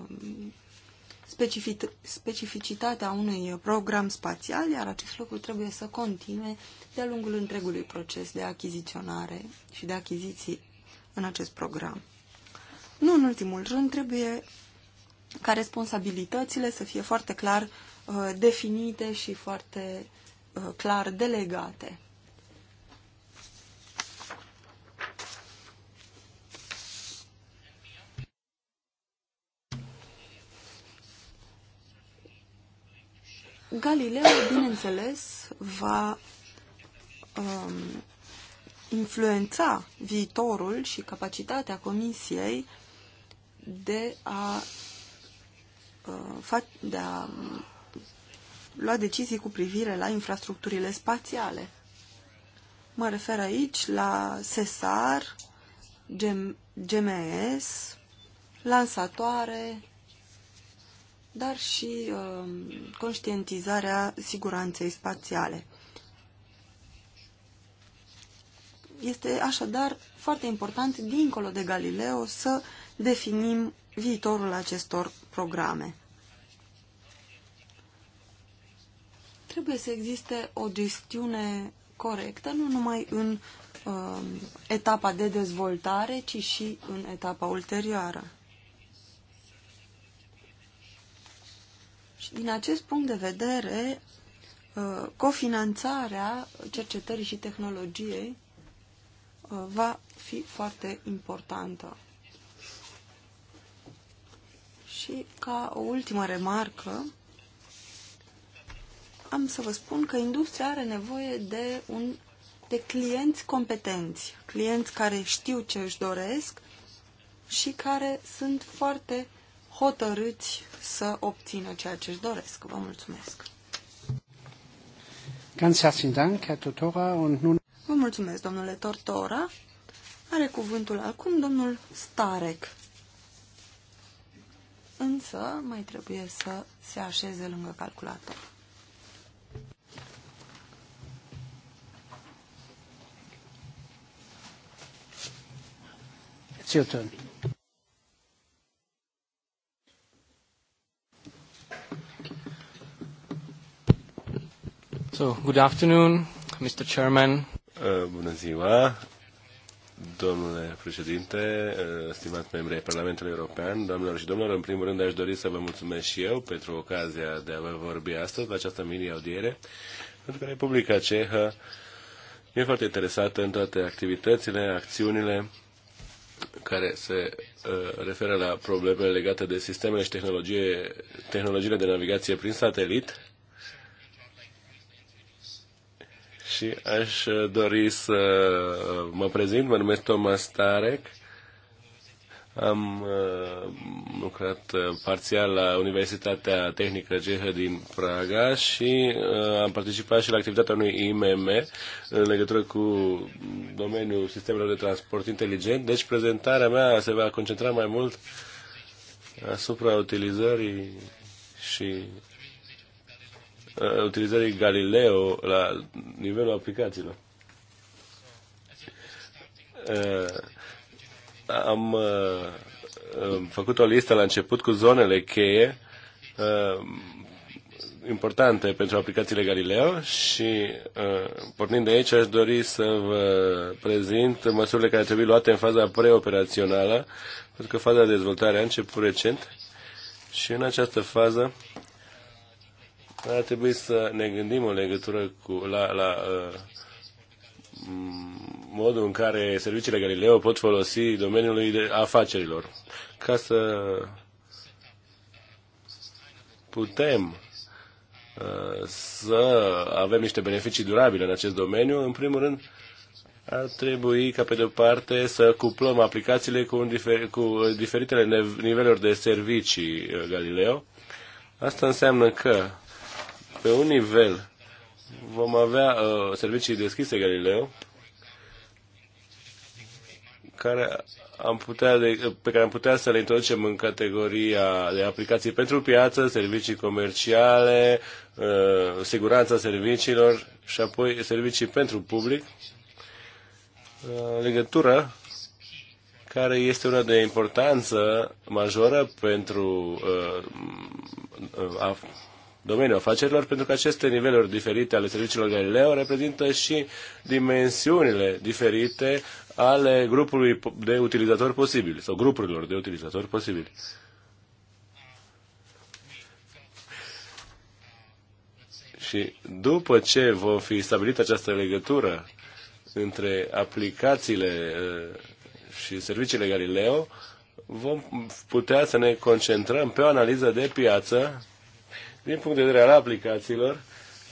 specificitatea unui program spațial, iar acest lucru trebuie să continue de-a lungul întregului proces de achiziționare și de achiziții în acest program. Nu în ultimul rând, trebuie ca responsabilitățile să fie foarte clar uh, definite și foarte uh, clar delegate. Galileo, bineînțeles, va um, influența viitorul și capacitatea Comisiei de a, uh, de a um, lua decizii cu privire la infrastructurile spațiale. Mă refer aici la SESAR, GMS, lansatoare, dar și uh, conștientizarea siguranței spațiale. Este așadar foarte important, dincolo de Galileo, să definim viitorul acestor programe. Trebuie să existe o gestiune corectă, nu numai în uh, etapa de dezvoltare, ci și în etapa ulterioară. Și deci, din acest punct de vedere, uh, cofinanțarea cercetării și tehnologiei uh, va fi foarte importantă. Și ca o ultimă remarcă, am să vă spun că industria are nevoie de, un, de clienți competenți, clienți care știu ce își doresc și care sunt foarte hotărâți să obțină ceea ce își doresc. Vă mulțumesc! Ganz herzlichen Dank, Herr Und nun... Vă mulțumesc, domnule Tortora. Are cuvântul acum domnul Starek. Însă mai trebuie să se așeze lângă calculator. It's your turn. So, good afternoon, Mr. Chairman. Uh, bună ziua, domnule președinte, uh, stimați membri ai Parlamentului European, doamnelor și domnilor, în primul rând aș dori să vă mulțumesc și eu pentru ocazia de a vă vorbi astăzi la această mini-audiere, pentru că Republica Cehă e foarte interesată în toate activitățile, acțiunile care se uh, referă la problemele legate de sistemele și tehnologie, tehnologiile de navigație prin satelit și aș dori să mă prezint. Mă numesc Thomas Tarek. Am uh, lucrat uh, parțial la Universitatea Tehnică Cehă din Praga și uh, am participat și la activitatea unui IMM în legătură cu domeniul sistemelor de transport inteligent. Deci prezentarea mea se va concentra mai mult asupra utilizării și Uh, utilizării Galileo la nivelul aplicațiilor. Uh, uh, am făcut o listă la început cu zonele cheie importante pentru aplicațiile Galileo și pornind de aici aș dori să vă prezint măsurile care trebuie luate în faza preoperațională, pentru că faza de dezvoltare a început recent și în această fază ar trebui să ne gândim în legătură cu, la, la uh, modul în care serviciile Galileo pot folosi domeniului de afacerilor. Ca să putem uh, să avem niște beneficii durabile în acest domeniu, în primul rând, ar trebui ca pe de-o parte să cuplăm aplicațiile cu, un difer- cu uh, diferitele niveluri de servicii uh, Galileo. Asta înseamnă că pe un nivel vom avea uh, servicii deschise Galileo care am putea de, uh, pe care am putea să le introducem în categoria de aplicații pentru piață, servicii comerciale, uh, siguranța serviciilor și apoi servicii pentru public. Uh, legătură care este una de importanță majoră pentru uh, a domeniul afacerilor, pentru că aceste niveluri diferite ale serviciilor Galileo reprezintă și dimensiunile diferite ale grupului de utilizatori posibili sau grupurilor de utilizatori posibili. Și după ce vom fi stabilit această legătură între aplicațiile uh, și serviciile Galileo, vom putea să ne concentrăm pe o analiză de piață din punct de vedere al aplicațiilor,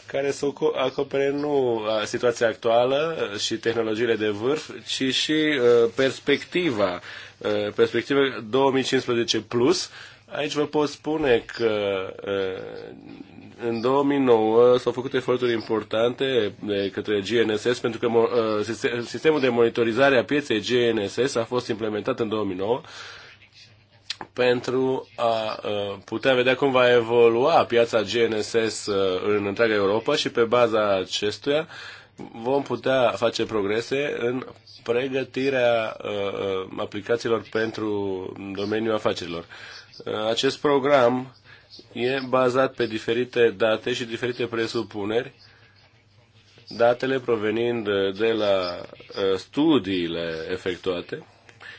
care să acopere nu uh, situația actuală uh, și tehnologiile de vârf, ci și uh, perspectiva, perspectiva 2015 plus. Aici vă pot spune că în 2009 s-au făcut eforturi importante de către GNSS pentru că sistemul de monitorizare a pieței GNSS a fost implementat în 2009 pentru a putea vedea cum va evolua piața GNSS în întreaga Europa și pe baza acestuia vom putea face progrese în pregătirea aplicațiilor pentru domeniul afacerilor. Acest program e bazat pe diferite date și diferite presupuneri, datele provenind de la studiile efectuate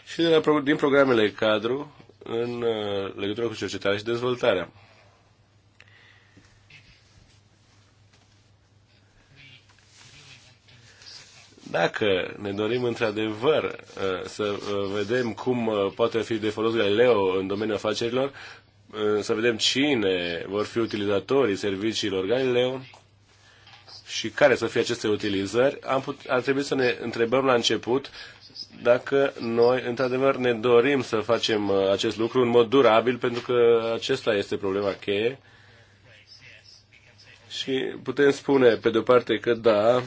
și din programele cadru în uh, legătură cu cercetarea și dezvoltarea. Dacă ne dorim într-adevăr uh, să uh, vedem cum poate fi de folos Galileo în domeniul afacerilor, să vedem cine vor fi utilizatorii serviciilor Galileo, și care să fie aceste utilizări, am put, ar trebui să ne întrebăm la început dacă noi, într-adevăr, ne dorim să facem uh, acest lucru în mod durabil, pentru că acesta este problema cheie. Și putem spune, pe de-o parte, că da,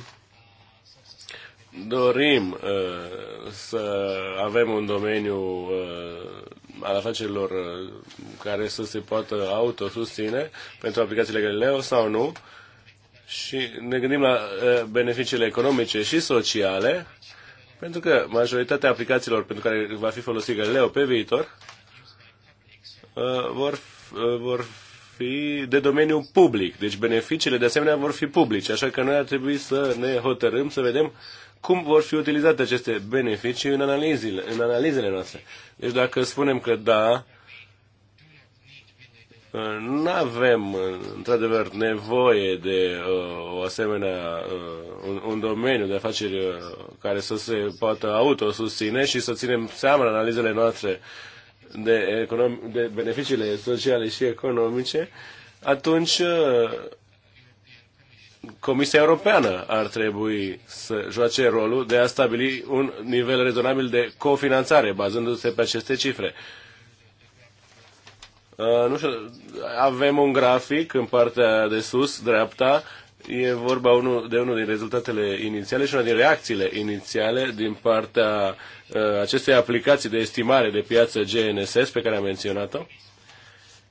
dorim uh, să avem un domeniu uh, al afacerilor uh, care să se poată autosustine pentru aplicațiile Galileo sau nu și ne gândim la uh, beneficiile economice și sociale uh, pentru că majoritatea aplicațiilor pentru care va fi folosit Galileo pe viitor uh, vor, uh, vor fi de domeniu public. Deci beneficiile de asemenea vor fi publice, așa că noi ar trebui să ne hotărâm, să vedem cum vor fi utilizate aceste beneficii în analizele, în analizele noastre. Deci dacă spunem că da, Ă, nu avem, ă, într-adevăr, nevoie de uh, o asemenea, uh, un, un domeniu de afaceri uh, care să se poată autosustine și să ținem seama în analizele noastre de, econom- de beneficiile sociale și economice, atunci Comisia Europeană ar trebui să joace rolul de a stabili un nivel rezonabil de cofinanțare, bazându-se pe aceste cifre. Uh, Uh, nu știu, avem un grafic în partea de sus, dreapta, e vorba unu, de unul din rezultatele inițiale și una din reacțiile inițiale din partea uh, acestei aplicații de estimare de piață GNSS pe care am menționat-o.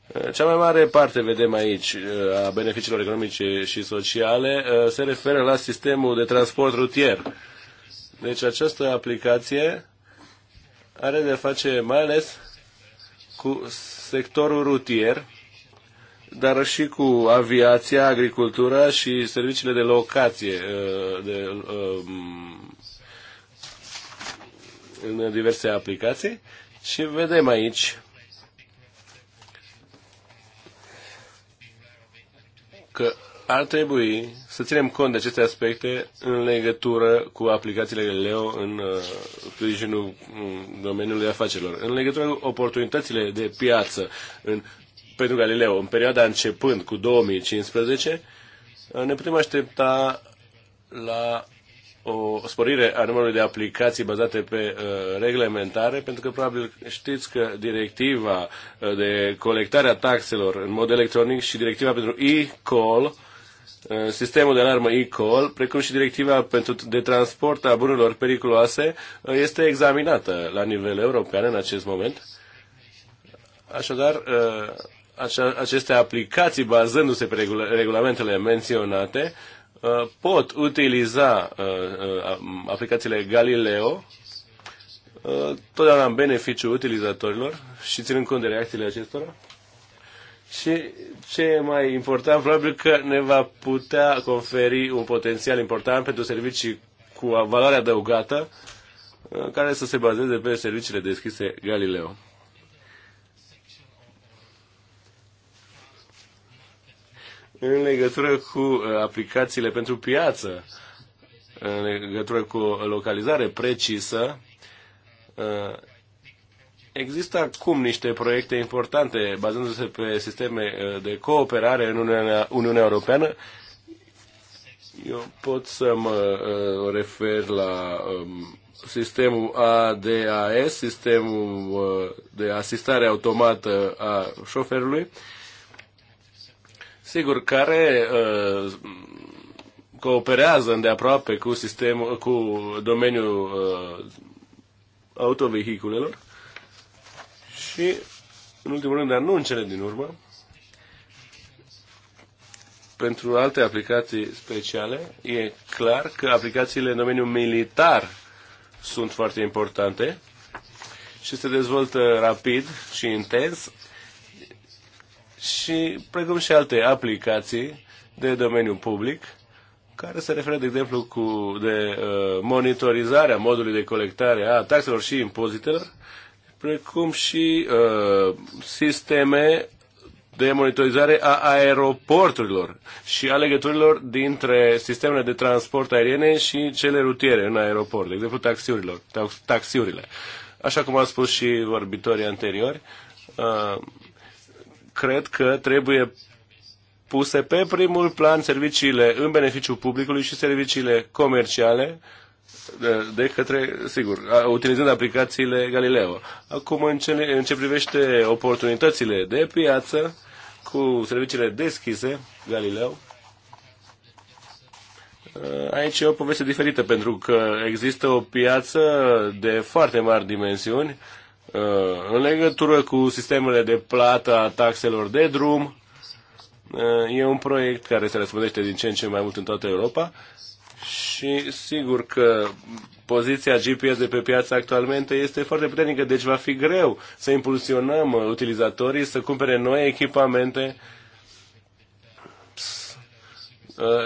Uh, cea mai mare parte, vedem aici, uh, a beneficiilor economice și sociale se referă la sistemul de transport rutier. Deci această aplicație are de face mai ales cu sectorul rutier, dar și cu aviația, agricultura și serviciile de locație uh, de, um, în diverse aplicații. Și vedem aici că ar trebui să ținem cont de aceste aspecte în legătură cu aplicațiile Leo în uh, sprijinul mm, domeniului afacerilor, în legătură cu oportunitățile de piață în, pentru Galileo în perioada începând cu 2015, uh, ne putem aștepta la o sporire a numărului de aplicații bazate pe uh, reglementare, pentru că probabil știți că directiva uh, de colectare a taxelor în mod electronic și directiva pentru e-call Uh, sistemul de alarmă e-call, precum și directiva pentru de transport a bunurilor periculoase, uh, este examinată la nivel european în acest moment. Așadar, uh, aceste aplicații, bazându-se pe regulamentele menționate, pot utiliza aplicațiile Galileo totdeauna în beneficiu utilizatorilor și ținând cont de reacțiile acestora și ce e mai important, probabil că ne va putea conferi un potențial important pentru servicii cu valoare adăugată, uh, care să se bazeze pe serviciile deschise Galileo. În legătură cu uh, aplicațiile pentru piață, în legătură cu localizare precisă, uh, Există acum niște proiecte importante bazându-se pe sisteme uh, de cooperare în Uniunea, Uniunea Europeană. Eu pot să mă uh, refer la um, sistemul ADAS, sistemul uh, de asistare automată a șoferului, sigur, care cooperează îndeaproape cu sistemul, cu domeniul autovehiculelor. Și, în ultimul rând, dar nu în cele din urmă, pentru alte aplicații speciale, e clar că aplicațiile în domeniul militar sunt foarte importante și se dezvoltă rapid și intens și precum și alte aplicații de domeniu public care se referă, de exemplu, cu de uh, monitorizarea modului de colectare a taxelor și impozitelor precum și uh, sisteme de monitorizare a aeroporturilor și a legăturilor dintre sistemele de transport aeriene și cele rutiere în aeroport, de exemplu taxiurilor, taxiurile. Așa cum au spus și vorbitorii anteriori, uh, cred că trebuie puse pe primul plan serviciile în beneficiul publicului și serviciile comerciale uh, de către, sigur, utilizând aplicațiile Galileo. Acum, în ce, în ce privește oportunitățile de piață cu serviciile deschise Galileo, aici e o poveste diferită, pentru că există o piață de foarte mari dimensiuni în legătură cu sistemele de plată a taxelor de drum. E un proiect care se răspândește din ce în ce mai mult în toată Europa și sigur că poziția GPS de pe piață actualmente este foarte puternică, deci va fi greu să impulsionăm utilizatorii să cumpere noi echipamente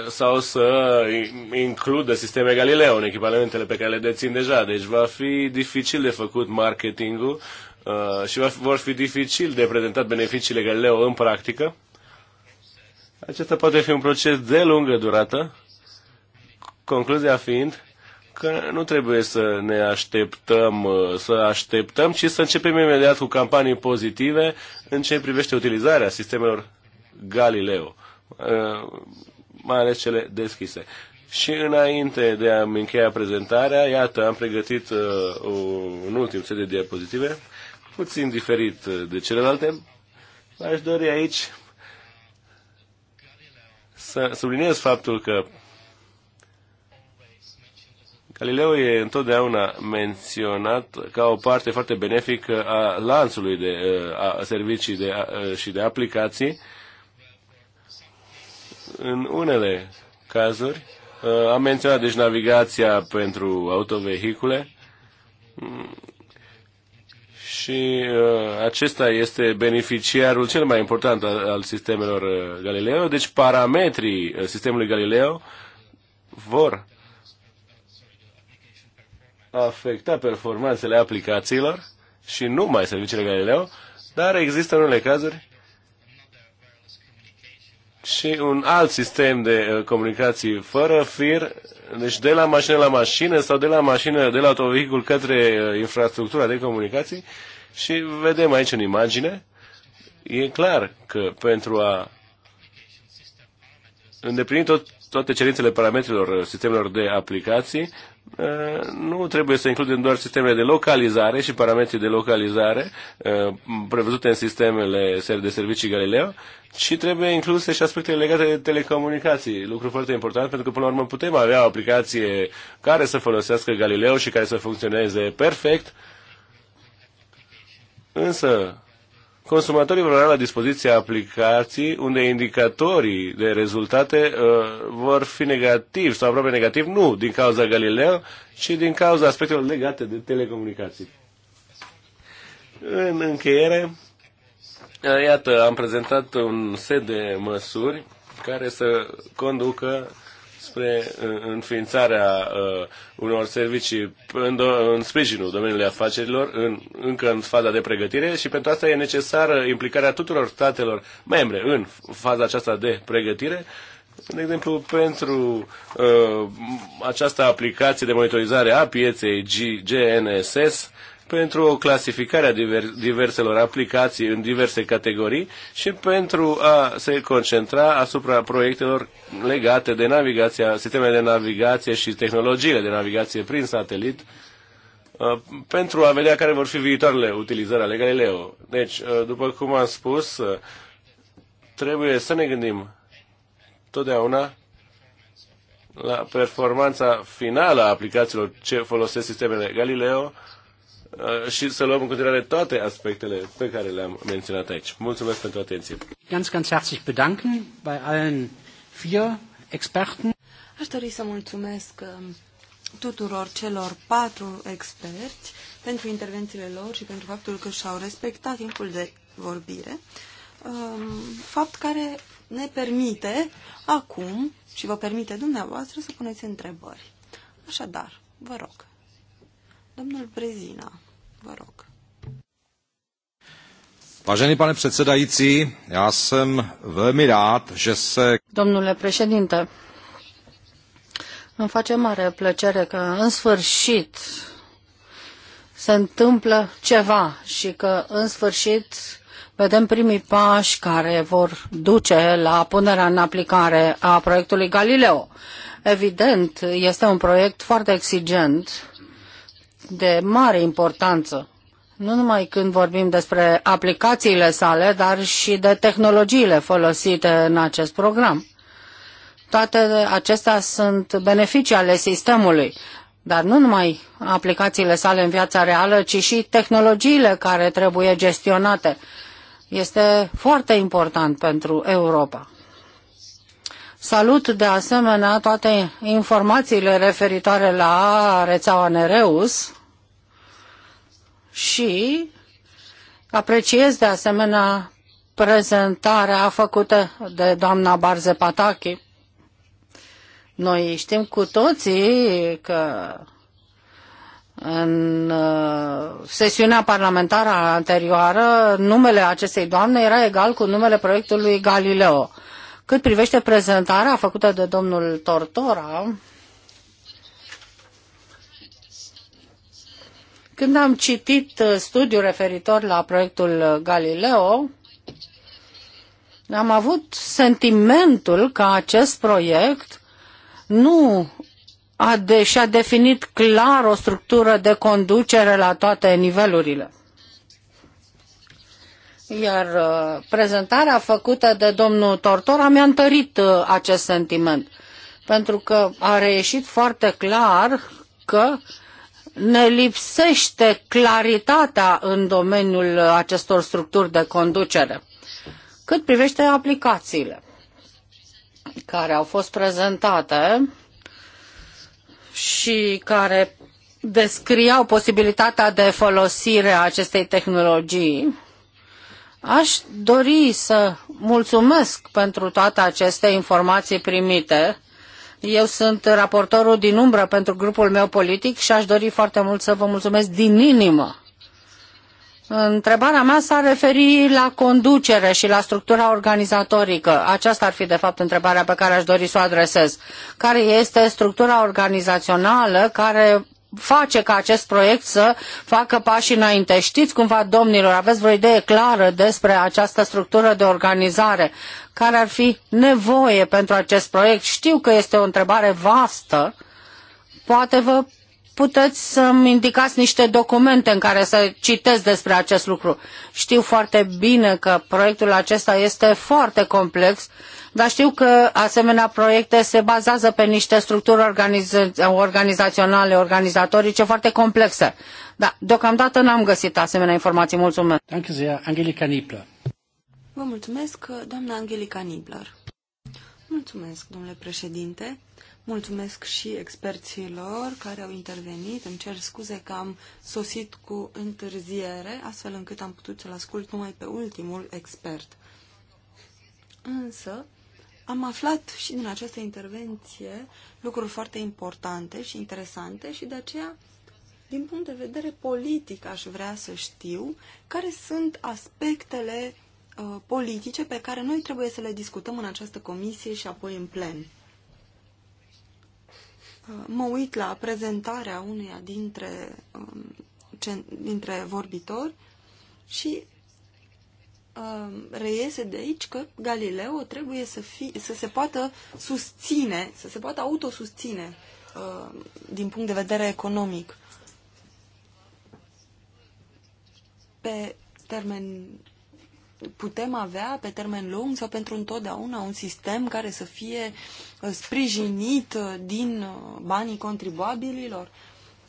sau să includă sisteme Galileo în echipamentele pe care le dețin deja. Deci va fi dificil de făcut marketingul uh, și vor fi dificil de prezentat beneficiile Galileo în practică. Acesta poate fi un proces de lungă durată Concluzia fiind că nu trebuie să ne așteptăm, uh, să așteptăm, ci să începem imediat cu campanii pozitive în ce privește utilizarea sistemelor Galileo, uh, mai ales cele deschise. Și înainte de a-mi încheia prezentarea, iată, am pregătit uh, un ultim set de diapozitive, puțin diferit de celelalte. Aș dori aici să subliniez faptul că Galileo e întotdeauna menționat ca o parte foarte benefică a lanțului de a servicii de, a, și de aplicații. În unele cazuri am menționat deci navigația pentru autovehicule și acesta este beneficiarul cel mai important al, sistemelor uh, Galileo. Deci parametrii uh, sistemului Galileo vor afecta performanțele aplicațiilor și numai serviciile Galileo, dar există în unele cazuri și un alt sistem de uh, comunicații fără fir, deci de la mașină la mașină sau de la mașină, de la autovehicul către uh, infrastructura de comunicații și vedem aici în imagine, e clar că pentru a îndeplini tot, toate cerințele parametrilor uh, sistemelor de aplicații, Uh, nu trebuie să includem doar sistemele de localizare și parametrii de localizare uh, prevăzute în sistemele de servicii Galileo, ci trebuie incluse și aspectele legate de telecomunicații. Lucru foarte important, pentru că până la urmă putem avea o aplicație care să folosească Galileo și care să funcționeze perfect, însă consumatorii vor avea la dispoziție aplicații unde indicatorii de rezultate uh, vor fi negativ sau aproape negativ, nu din cauza Galileo, ci din cauza aspectelor legate de telecomunicații. În încheiere, uh, iată, am prezentat un set de măsuri care să conducă spre înființarea uh, unor servicii în, do- în sprijinul domeniului afacerilor, în, încă în faza de pregătire și pentru asta e necesară implicarea tuturor statelor membre în faza aceasta de pregătire. De exemplu, pentru uh, această aplicație de monitorizare a pieței GNSS, pentru o clasificare a diverselor aplicații în diverse categorii și pentru a se concentra asupra proiectelor legate de navigația, sistemele de navigație și tehnologiile de navigație prin satelit uh, pentru a vedea care vor fi viitoarele utilizări ale Galileo. Deci, uh, după cum am spus, uh, trebuie să ne gândim totdeauna la performanța finală a aplicațiilor ce folosesc sistemele Galileo Uh, și să luăm în considerare toate aspectele pe care le-am menționat aici. Mulțumesc pentru atenție. Ganz, ganz herzlich bedanken bei allen vier Experten. Aș dori să mulțumesc um, tuturor celor patru experți pentru intervențiile lor și pentru faptul că și-au respectat timpul de vorbire, um, fapt care ne permite acum și vă permite dumneavoastră să puneți întrebări. Așadar, vă rog. Domnul Brezina, vă rog. Vážený pane předsedající, já jsem velmi rád, že se... Domnule președinte, îmi face mare plăcere că în sfârșit se întâmplă ceva și că în sfârșit vedem primii pași care vor duce la punerea în aplicare a proiectului Galileo. Evident, este un proiect foarte exigent de mare importanță, nu numai când vorbim despre aplicațiile sale, dar și de tehnologiile folosite în acest program. Toate acestea sunt beneficii ale sistemului, dar nu numai aplicațiile sale în viața reală, ci și tehnologiile care trebuie gestionate. Este foarte important pentru Europa. Salut de asemenea toate informațiile referitoare la rețeaua Nereus, și apreciez de asemenea prezentarea făcută de doamna Barze Pataki. Noi știm cu toții că în uh, sesiunea parlamentară anterioară, numele acestei doamne era egal cu numele proiectului Galileo. Cât privește prezentarea făcută de domnul Tortora, Când am citit uh, studiul referitor la proiectul uh, Galileo, am avut sentimentul că acest proiect nu a de, și-a definit clar o structură de conducere la toate nivelurile. Iar uh, prezentarea făcută de domnul Tortora mi-a întărit acest sentiment, pentru că a reieșit foarte clar că uh, ne lipsește claritatea în domeniul acestor structuri de conducere. Cât privește aplicațiile care au fost prezentate și care descriau posibilitatea de folosire a acestei tehnologii, aș dori să mulțumesc pentru toate aceste informații primite eu sunt raportorul din umbră pentru grupul meu politic și aș dori foarte mult să vă mulțumesc din inimă. Întrebarea mea s-a referit la conducere și la structura organizatorică. Aceasta ar fi, de fapt, întrebarea pe care aș dori să o adresez. Care este structura organizațională care face ca acest proiect să facă pași înainte. Știți cumva, domnilor, aveți vreo idee clară despre această structură de organizare? Care ar fi nevoie pentru acest proiect? Știu că este o întrebare vastă. Poate vă puteți să-mi indicați niște documente în care să citesc despre acest lucru. Știu foarte bine că proiectul acesta este foarte complex dar știu că asemenea proiecte se bazează pe niște structuri organizaționale, organizatorice foarte complexe. Da, deocamdată n-am găsit asemenea informații. Mulțumesc. Angelica Nibler. Vă mulțumesc, doamna Angelica Nibler. Mulțumesc, domnule președinte. Mulțumesc și experților care au intervenit. Îmi cer scuze că am sosit cu întârziere, astfel încât am putut să-l ascult numai pe ultimul expert. Însă, am aflat și din această intervenție lucruri foarte importante și interesante și de aceea, din punct de vedere politic, aș vrea să știu care sunt aspectele uh, politice pe care noi trebuie să le discutăm în această comisie și apoi în plen. Uh, mă uit la prezentarea uneia dintre, um, ce, dintre vorbitori și Um, reiese de aici că Galileo trebuie să, fi, să se poată susține, să se poată autosusține um, din punct de vedere economic. Pe termen putem avea pe termen lung sau pentru întotdeauna un sistem care să fie uh, sprijinit uh, din uh, banii contribuabililor?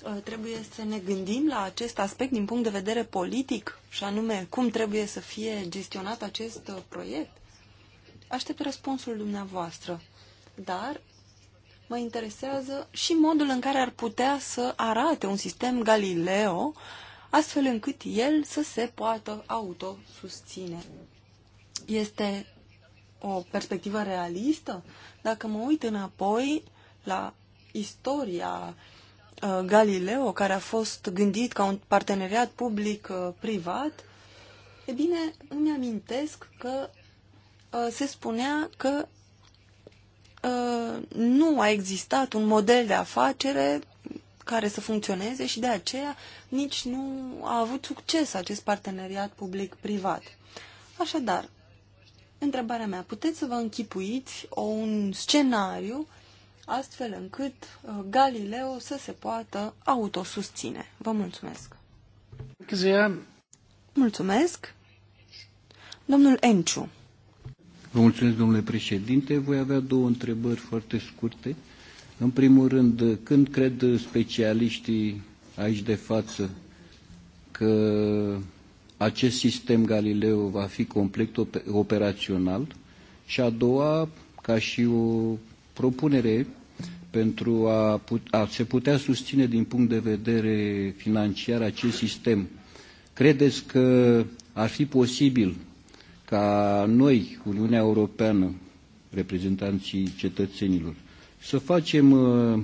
Uh, trebuie să ne gândim la acest aspect din punct de vedere politic, și anume cum trebuie să fie gestionat acest uh, proiect? Aștept răspunsul dumneavoastră, dar mă interesează și modul în care ar putea să arate un sistem Galileo, astfel încât el să se poată autosusține. Este o perspectivă realistă? Dacă mă uit înapoi la istoria uh, Uh, Galileo, care a fost gândit ca un parteneriat public-privat, e bine, îmi amintesc că uh, se spunea că uh, nu a existat un model de afacere care să funcționeze și de aceea nici nu a avut succes acest parteneriat public-privat. Așadar, întrebarea mea, puteți să vă închipuiți un scenariu astfel încât uh, Galileo să se poată autosusține. Vă mulțumesc! Mulțumesc! Domnul Enciu. Vă mulțumesc, domnule președinte. Voi avea două întrebări foarte scurte. În primul rând, când cred specialiștii aici de față că acest sistem Galileo va fi complet operațional? Și a doua, ca și o propunere pentru a, put, a se putea susține din punct de vedere financiar acest sistem. Credeți că ar fi posibil ca noi, Uniunea Europeană, reprezentanții cetățenilor, să facem uh,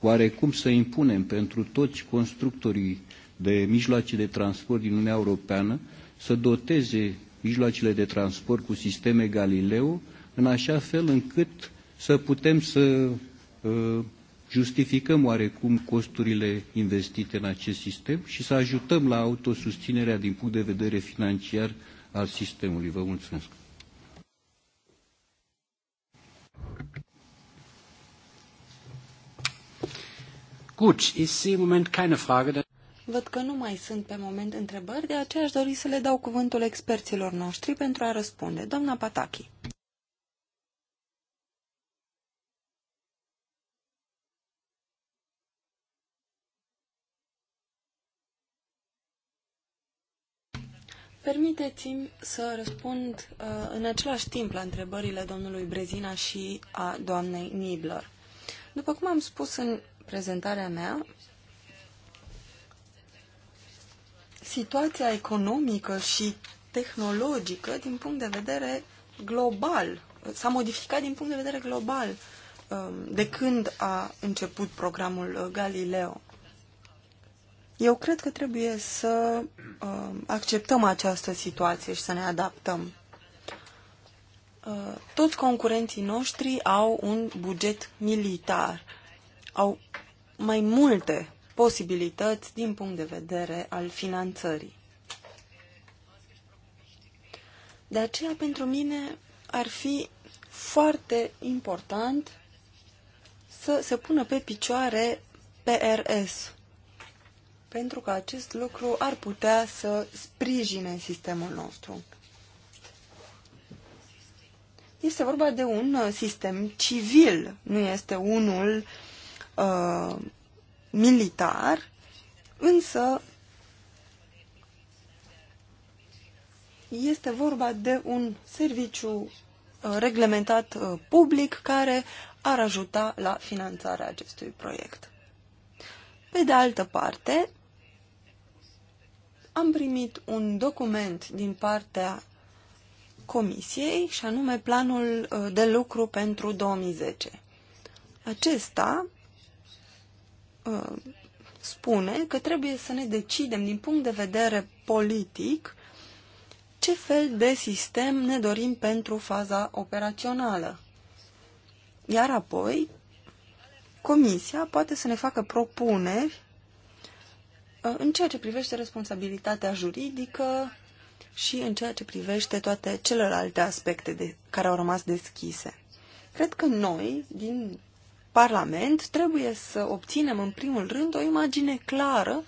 oarecum să impunem pentru toți constructorii de mijloace de transport din Uniunea Europeană să doteze mijloacele de transport cu sisteme Galileo, în așa fel încât să putem să uh, justificăm oarecum costurile investite în acest sistem și să ajutăm la autosustinerea din punct de vedere financiar al sistemului. Vă mulțumesc. Gut, ich sehe im Moment keine Frage. Văd că nu mai sunt pe moment întrebări, de aceea aș dori să le dau cuvântul experților noștri pentru a răspunde. Doamna Pataki. Permiteți-mi să răspund uh, în același timp la întrebările domnului Brezina și a doamnei Nibler. După cum am spus în prezentarea mea, situația economică și tehnologică din punct de vedere global s-a modificat din punct de vedere global um, de când a început programul uh, Galileo. Eu cred că trebuie să uh, acceptăm această situație și să ne adaptăm. Uh, toți concurenții noștri au un buget militar, au mai multe posibilități din punct de vedere al finanțării. De aceea, pentru mine, ar fi foarte important să se pună pe picioare PRS, pentru că acest lucru ar putea să sprijine sistemul nostru. Este vorba de un uh, sistem civil, nu este unul uh, militar, însă este vorba de un serviciu uh, reglementat uh, public care ar ajuta la finanțarea acestui proiect. Pe de altă parte, am primit un document din partea Comisiei, și anume planul uh, de lucru pentru 2010. Acesta uh, spune că trebuie să ne decidem din punct de vedere politic ce fel de sistem ne dorim pentru faza operațională. Iar apoi, Comisia poate să ne facă propuneri în ceea ce privește responsabilitatea juridică și în ceea ce privește toate celelalte aspecte de, care au rămas deschise. Cred că noi, din Parlament, trebuie să obținem în primul rând o imagine clară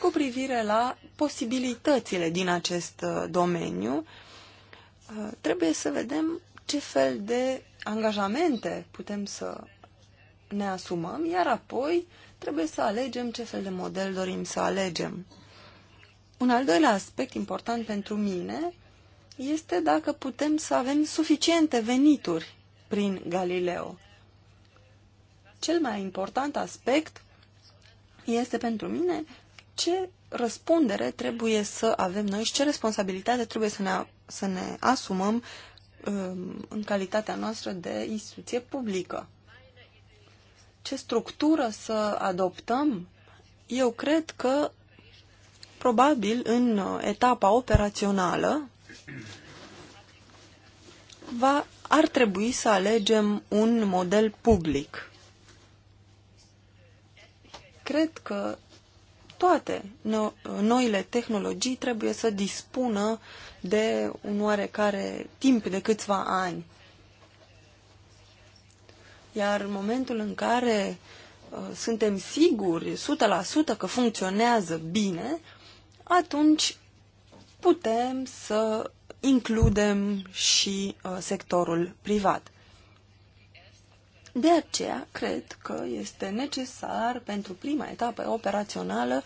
cu privire la posibilitățile din acest uh, domeniu. Uh, trebuie să vedem ce fel de angajamente putem să ne asumăm, iar apoi uh, Trebuie să alegem ce fel de model dorim să alegem. Un al doilea aspect important pentru mine este dacă putem să avem suficiente venituri prin Galileo. Cel mai important aspect este pentru mine ce răspundere trebuie să avem noi și ce responsabilitate trebuie să ne, să ne asumăm um, în calitatea noastră de instituție publică ce structură să adoptăm, eu cred că probabil în uh, etapa operațională va, ar trebui să alegem un model public. Cred că toate no noile tehnologii trebuie să dispună de un oarecare timp de câțiva ani iar în momentul în care uh, suntem siguri 100% că funcționează bine, atunci putem să includem și uh, sectorul privat. De aceea, cred că este necesar pentru prima etapă operațională,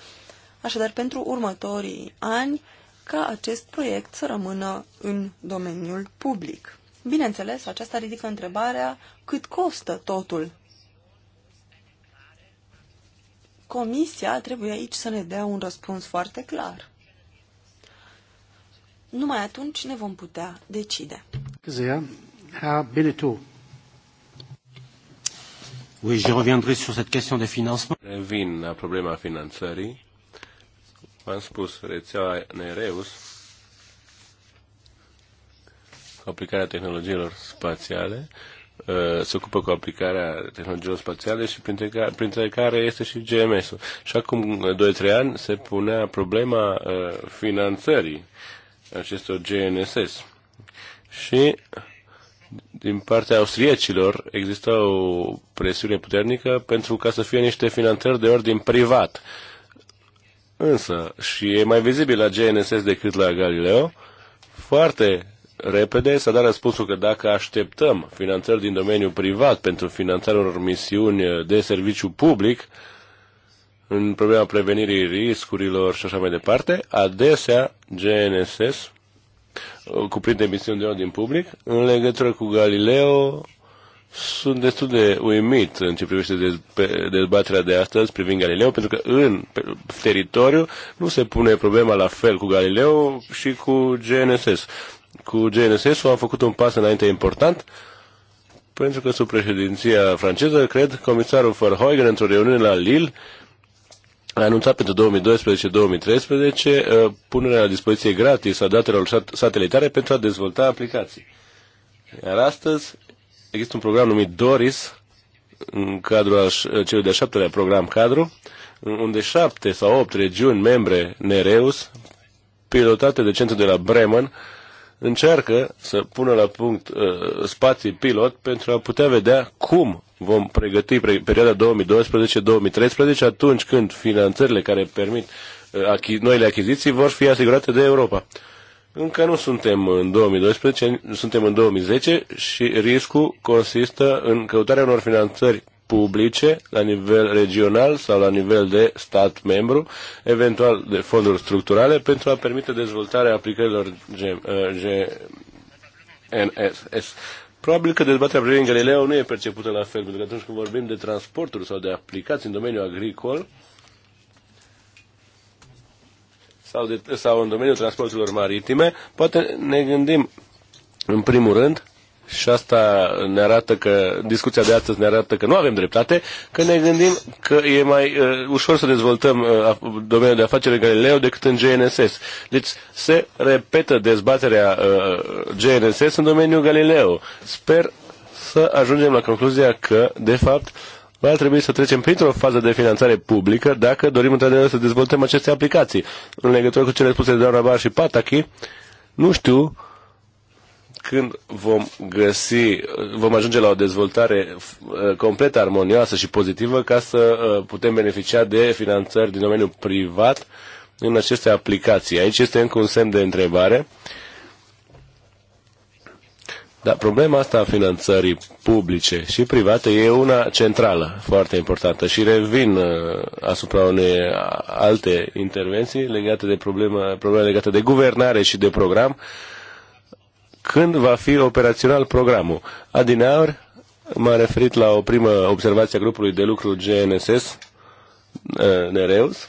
așadar pentru următorii ani, ca acest proiect să rămână în domeniul public. Bineînțeles, aceasta ridică întrebarea cât costă totul. Comisia trebuie aici să ne dea un răspuns foarte clar. Numai atunci ne vom putea decide. Oui, je reviendrai sur cette question de financement. Revin la problema finanțării. V-am spus, rețeaua Nereus aplicarea tehnologiilor spațiale, uh, se ocupă cu aplicarea tehnologiilor spațiale și printre care, printre care este și GMS-ul. Și acum 2-3 uh, ani se punea problema uh, finanțării acestor GNSS. Și din partea austriecilor există o presiune puternică pentru ca să fie niște finanțări de ordin privat. Însă, și e mai vizibil la GNSS decât la Galileo, foarte repede să dat răspunsul că dacă așteptăm finanțări din domeniul privat pentru finanțarea unor misiuni de serviciu public, în problema prevenirii riscurilor și așa mai departe, adesea GNSS uh, cuprinde misiuni de ordin public, în legătură cu Galileo sunt destul de uimit în ce privește dezbaterea de astăzi privind Galileo, pentru că în teritoriu nu se pune problema la fel cu Galileo și cu GNSS cu GNSS-ul făcut un pas înainte important, pentru că sub președinția franceză, cred, comisarul Verheugen, într-o reuniune la Lille, a anunțat pentru 2012-2013 uh, punerea la dispoziție gratis a datelor satelitare pentru a dezvolta aplicații. Iar astăzi există un program numit DORIS, în cadrul celui de-a șaptelea program cadru, unde șapte sau opt regiuni membre Nereus, pilotate de centru de la Bremen, încearcă să pună la punct uh, spații pilot pentru a putea vedea cum vom pregăti pre- perioada 2012-2013 atunci când finanțările care permit uh, achi- noile achiziții vor fi asigurate de Europa. Încă nu suntem în 2012, suntem în 2010 și riscul consistă în căutarea unor finanțări publice la nivel regional sau la nivel de stat membru, eventual de fonduri structurale, pentru a permite dezvoltarea aplicărilor GNSS. Uh, Probabil că dezbaterea privind Galileo nu e percepută la fel, pentru că atunci când vorbim de transporturi sau de aplicații în domeniul agricol, sau, de, sau în domeniul transporturilor maritime, poate ne gândim în primul rând și asta ne arată că, discuția de astăzi ne arată că nu avem dreptate, că ne gândim că e mai uh, ușor să dezvoltăm uh, domeniul de afaceri în Galileo decât în GNSS. Deci se repetă dezbaterea uh, GNSS în domeniul Galileo. Sper să ajungem la concluzia că, de fapt, va trebui să trecem printr-o fază de finanțare publică dacă dorim într-adevăr să dezvoltăm aceste aplicații. În legătură cu cele spuse de doamna Bar și Pataki, nu știu când vom găsi, vom ajunge la o dezvoltare uh, complet armonioasă și pozitivă ca să uh, putem beneficia de finanțări din domeniul privat în aceste aplicații. Aici este încă un semn de întrebare. Dar problema asta a finanțării publice și private e una centrală, foarte importantă. Și revin uh, asupra unei alte intervenții legate de problema, problema legată de guvernare și de program. Uh, când va fi operațional programul. Adineaur m-a referit la o primă observație a grupului de lucru GNSS, Nereus, eh,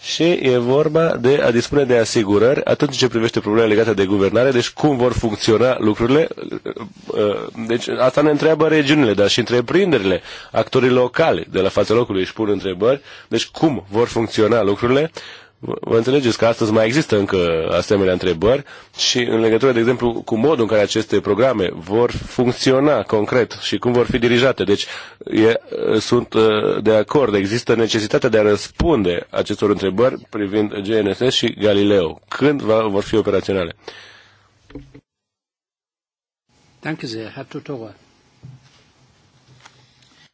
și e vorba de a dispune de asigurări atunci ce privește problemele legate de guvernare, deci cum vor funcționa lucrurile. Eh, eh, deci asta ne întreabă regiunile, dar și întreprinderile, actorii locali de la fața locului își pun întrebări, deci cum vor funcționa lucrurile Vă înțelegeți că astăzi mai există încă asemenea întrebări și în legătură, de exemplu, cu modul în care aceste programe vor funcționa concret și cum vor fi dirijate. Deci e, sunt uh, de acord, există necesitatea de a răspunde acestor întrebări privind GNSS și Galileo. Când va, vor fi operaționale?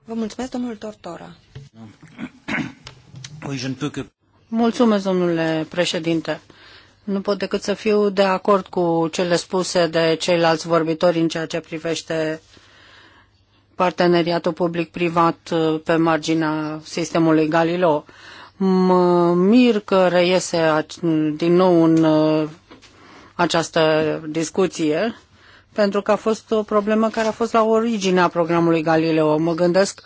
Vă mulțumesc, domnul Tortora. Oui, je ne peux que Mulțumesc, domnule președinte. Nu pot decât să fiu de acord cu cele spuse de ceilalți vorbitori în ceea ce privește parteneriatul public-privat uh, pe marginea sistemului Galileo. Mă mir că reiese din nou în uh, această discuție, pentru că a fost o problemă care a fost la originea programului Galileo. Mă gândesc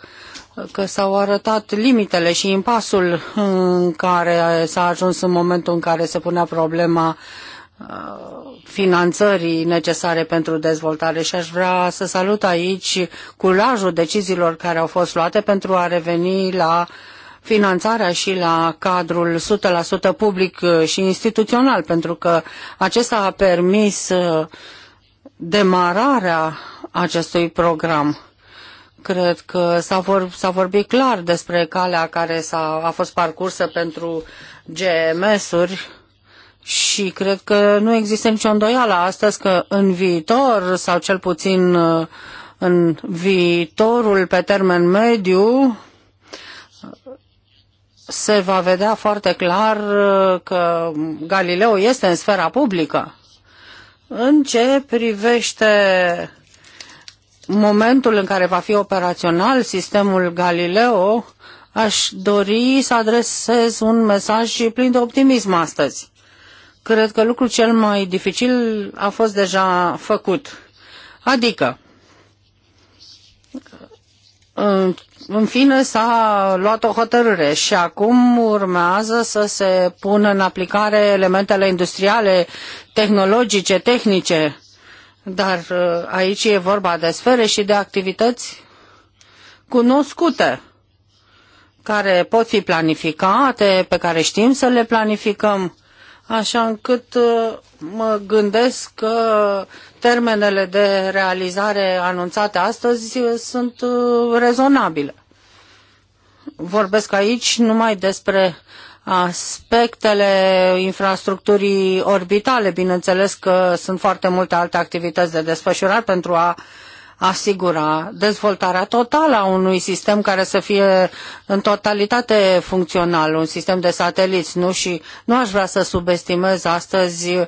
că s-au arătat limitele și impasul în care s-a ajuns în momentul în care se punea problema uh, finanțării necesare pentru dezvoltare și aș vrea să salut aici curajul deciziilor care au fost luate pentru a reveni la finanțarea și la cadrul 100% public și instituțional, pentru că acesta a permis uh, demararea acestui program Cred că s-a, vor, vorbit clar despre calea care a a fost parcursă pentru GMS-uri și cred că nu există nicio îndoială astăzi că în viitor sau cel puțin uh, în viitorul pe termen mediu se va vedea foarte clar uh, că Galileo este în sfera publică. În ce privește momentul în care va fi operațional sistemul Galileo, aș dori să adresez un mesaj și plin de optimism astăzi. Cred că lucrul cel mai dificil a fost deja făcut. Adică, în fine s-a luat o hotărâre și acum urmează să se pună în aplicare elementele industriale, tehnologice, tehnice dar uh, aici e vorba de sfere și de activități cunoscute, care pot fi planificate, pe care știm să le planificăm, așa încât uh, mă gândesc că termenele de realizare anunțate astăzi uh, sunt rezonabile. Vorbesc aici numai despre aspectele infrastructurii orbitale. Bineînțeles că sunt foarte multe alte activități de desfășurat pentru a asigura dezvoltarea totală a unui sistem care să fie în totalitate funcțional, un sistem de sateliți, nu? Și nu aș vrea să subestimez astăzi uh,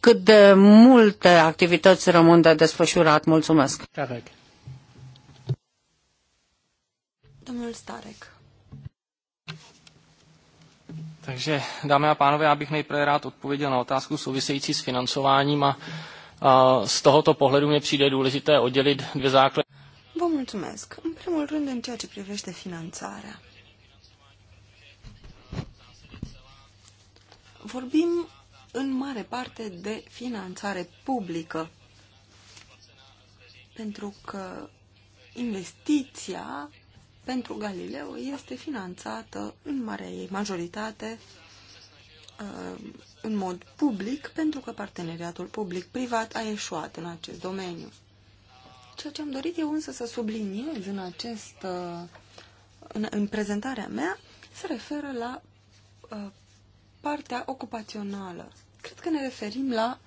cât de multe activități rămân de desfășurat. Mulțumesc! Starec. Domnul Starec. Takže, dámy a pánové, já bych nejprve rád odpověděl na otázku související s financováním a, a z tohoto pohledu mě přijde důležité oddělit dvě základy. Vă mulțumesc. În primul rând, în ceea ce privește finanțarea. Vorbim în mare parte de finanțare publică, pentru că investiția pentru Galileo este finanțată în marea ei majoritate uh, în mod public, pentru că parteneriatul public-privat a eșuat în acest domeniu. Ceea ce am dorit eu însă să subliniez în, acest, uh, în, în prezentarea mea se referă la uh, partea ocupațională. Cred că ne referim la,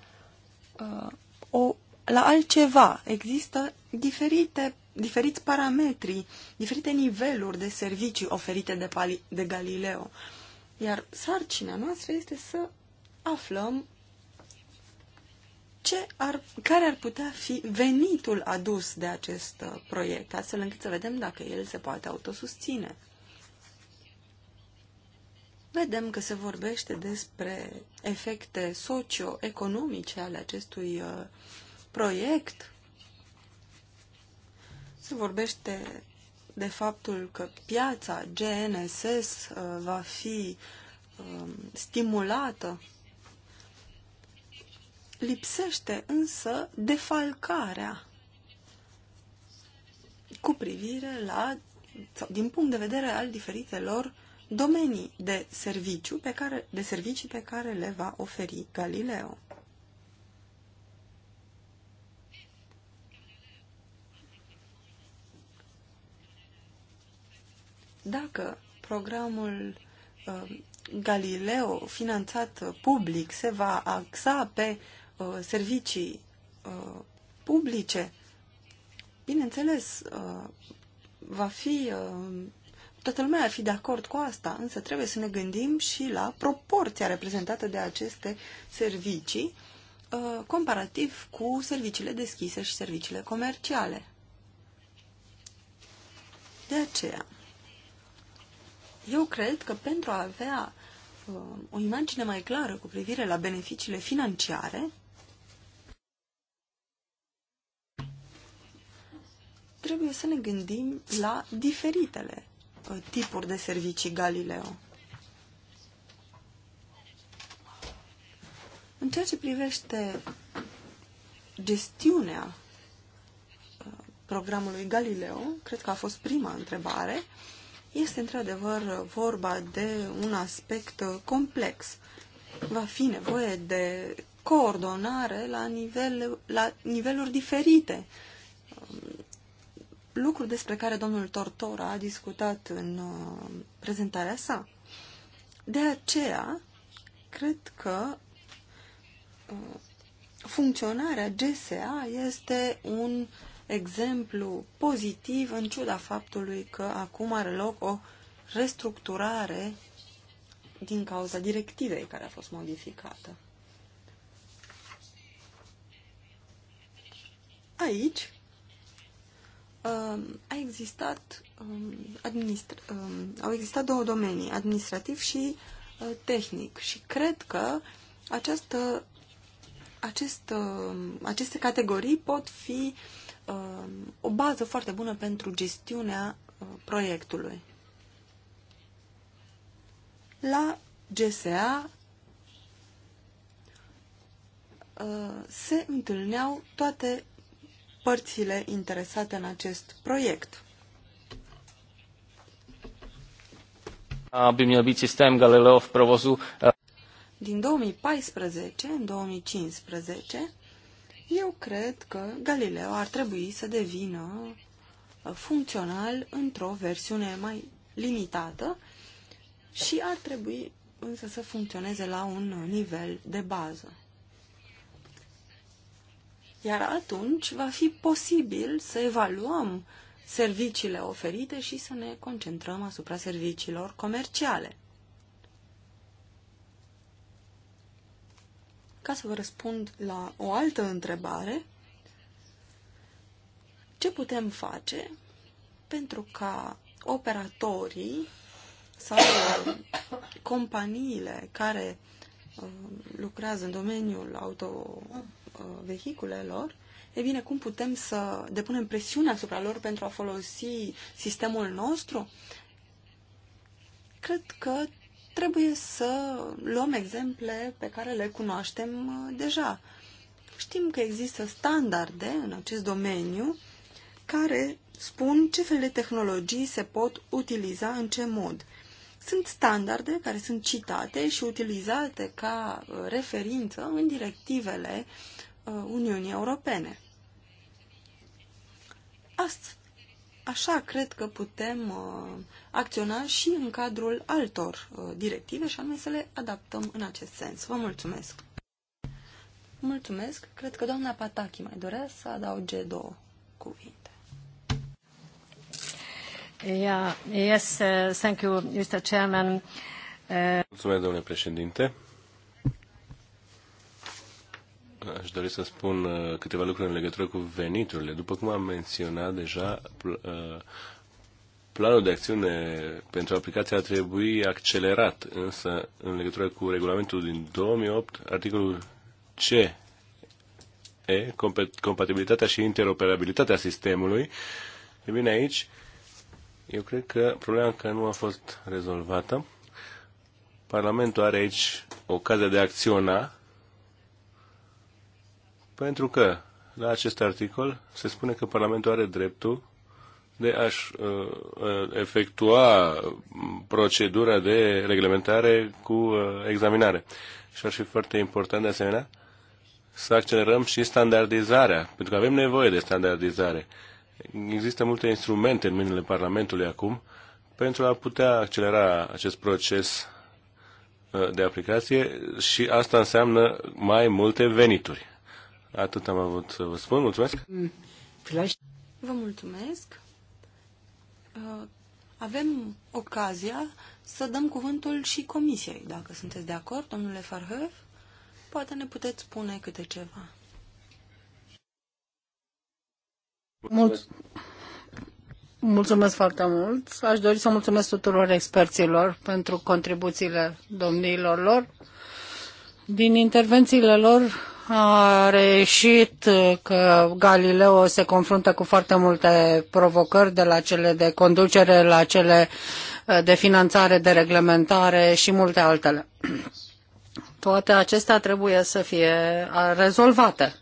uh, o, la altceva. Există diferite diferiți parametri, diferite niveluri de servicii oferite de, Pali, de Galileo. Iar sarcina noastră este să aflăm ce ar, care ar putea fi venitul adus de acest uh, proiect, astfel încât să vedem dacă el se poate autosusține. Vedem că se vorbește despre efecte socio-economice ale acestui uh, proiect, se vorbește de faptul că piața GNSS uh, va fi um, stimulată. Lipsește însă defalcarea cu privire la, sau din punct de vedere al diferitelor domenii de, serviciu pe care, de servicii pe care le va oferi Galileo. Dacă programul uh, Galileo, finanțat uh, public, se va axa pe uh, servicii publice, bineînțeles, va fi, toată lumea ar fi de acord cu asta, însă trebuie să ne gândim și la proporția reprezentată de aceste servicii comparativ cu serviciile deschise și serviciile comerciale. De aceea, eu cred că pentru a avea uh, o imagine mai clară cu privire la beneficiile financiare, trebuie să ne gândim la diferitele uh, tipuri de servicii Galileo. În ceea ce privește gestiunea uh, programului Galileo, cred că a fost prima întrebare, uh, este într-adevăr vorba de un aspect complex. Va fi nevoie de coordonare la, nivel, la niveluri diferite. Lucru despre care domnul Tortora a discutat în uh, prezentarea sa. De aceea, cred că uh, funcționarea GSA este un uh, exemplu pozitiv în ciuda faptului că acum are loc o restructurare din cauza directivei care a fost modificată. Aici um, a existat, um, administra- um, au existat două domenii, administrativ și uh, tehnic. Și cred că această, acest, aceste categorii pot fi uh, Uh, o bază foarte bună pentru gestiunea uh, proiectului. La GSA uh, se întâlneau toate părțile interesate în acest proiect. Aby měl být systém Galileo v provozu. Eh, Din 2014 în 2015 eu cred că Galileo ar trebui să devină uh, funcțional într-o versiune mai limitată și ar trebui însă să funcționeze la un nivel de bază. Iar atunci va fi posibil să evaluăm serviciile oferite și să ne concentrăm asupra serviciilor comerciale. Ca să vă răspund la o altă întrebare, ce putem face pentru ca operatorii sau uh, companiile care uh, lucrează în domeniul autovehiculelor, uh, e bine, cum putem să depunem presiune asupra lor pentru a folosi sistemul nostru? Cred că trebuie să luăm exemple pe care le cunoaștem uh, deja. Știm că există standarde în acest domeniu care spun ce fel de tehnologii se pot utiliza în ce mod. Sunt standarde care sunt citate și utilizate ca uh, referință în directivele uh, Uniunii Europene. Ast Așa cred că putem uh, acționa și în cadrul altor uh, directive și anume să le adaptăm în acest sens. Vă mulțumesc! Mulțumesc! Cred că doamna Pataki mai dorea să adauge două cuvinte. Yeah, yes, uh, thank you, Mr. Chairman. Uh... Mulțumesc, domnule președinte aș dori să spun uh, câteva lucruri în legătură cu veniturile. După cum am menționat deja, uh, planul de acțiune pentru aplicație ar trebui accelerat, însă în legătură cu regulamentul din 2008, articolul C E, compatibilitatea și interoperabilitatea sistemului. E bine, aici eu cred că problema că nu a fost rezolvată. Parlamentul are aici ocazia de a acționa pentru că la acest articol se spune că Parlamentul are dreptul de a uh, uh, efectua procedura de reglementare cu uh, examinare. Și ar fi foarte important de asemenea să accelerăm și standardizarea, pentru că avem nevoie de standardizare. Există multe instrumente în mâinile Parlamentului acum pentru a putea accelera acest proces uh, de aplicație și asta înseamnă mai multe venituri. Atât am avut să vă spun. Mulțumesc! Vă mulțumesc! Uh, avem ocazia să dăm cuvântul și comisiei, dacă sunteți de acord, domnule Farhăv. Poate ne puteți spune câte ceva. Mulțumesc. Mulțumesc foarte mult. Aș dori să mulțumesc tuturor experților pentru contribuțiile domniilor lor. Din intervențiile lor a reieșit că Galileo se confruntă cu foarte multe provocări, de la cele de conducere, la cele uh, de finanțare, de reglementare și multe altele. Toate acestea trebuie să fie uh, rezolvate.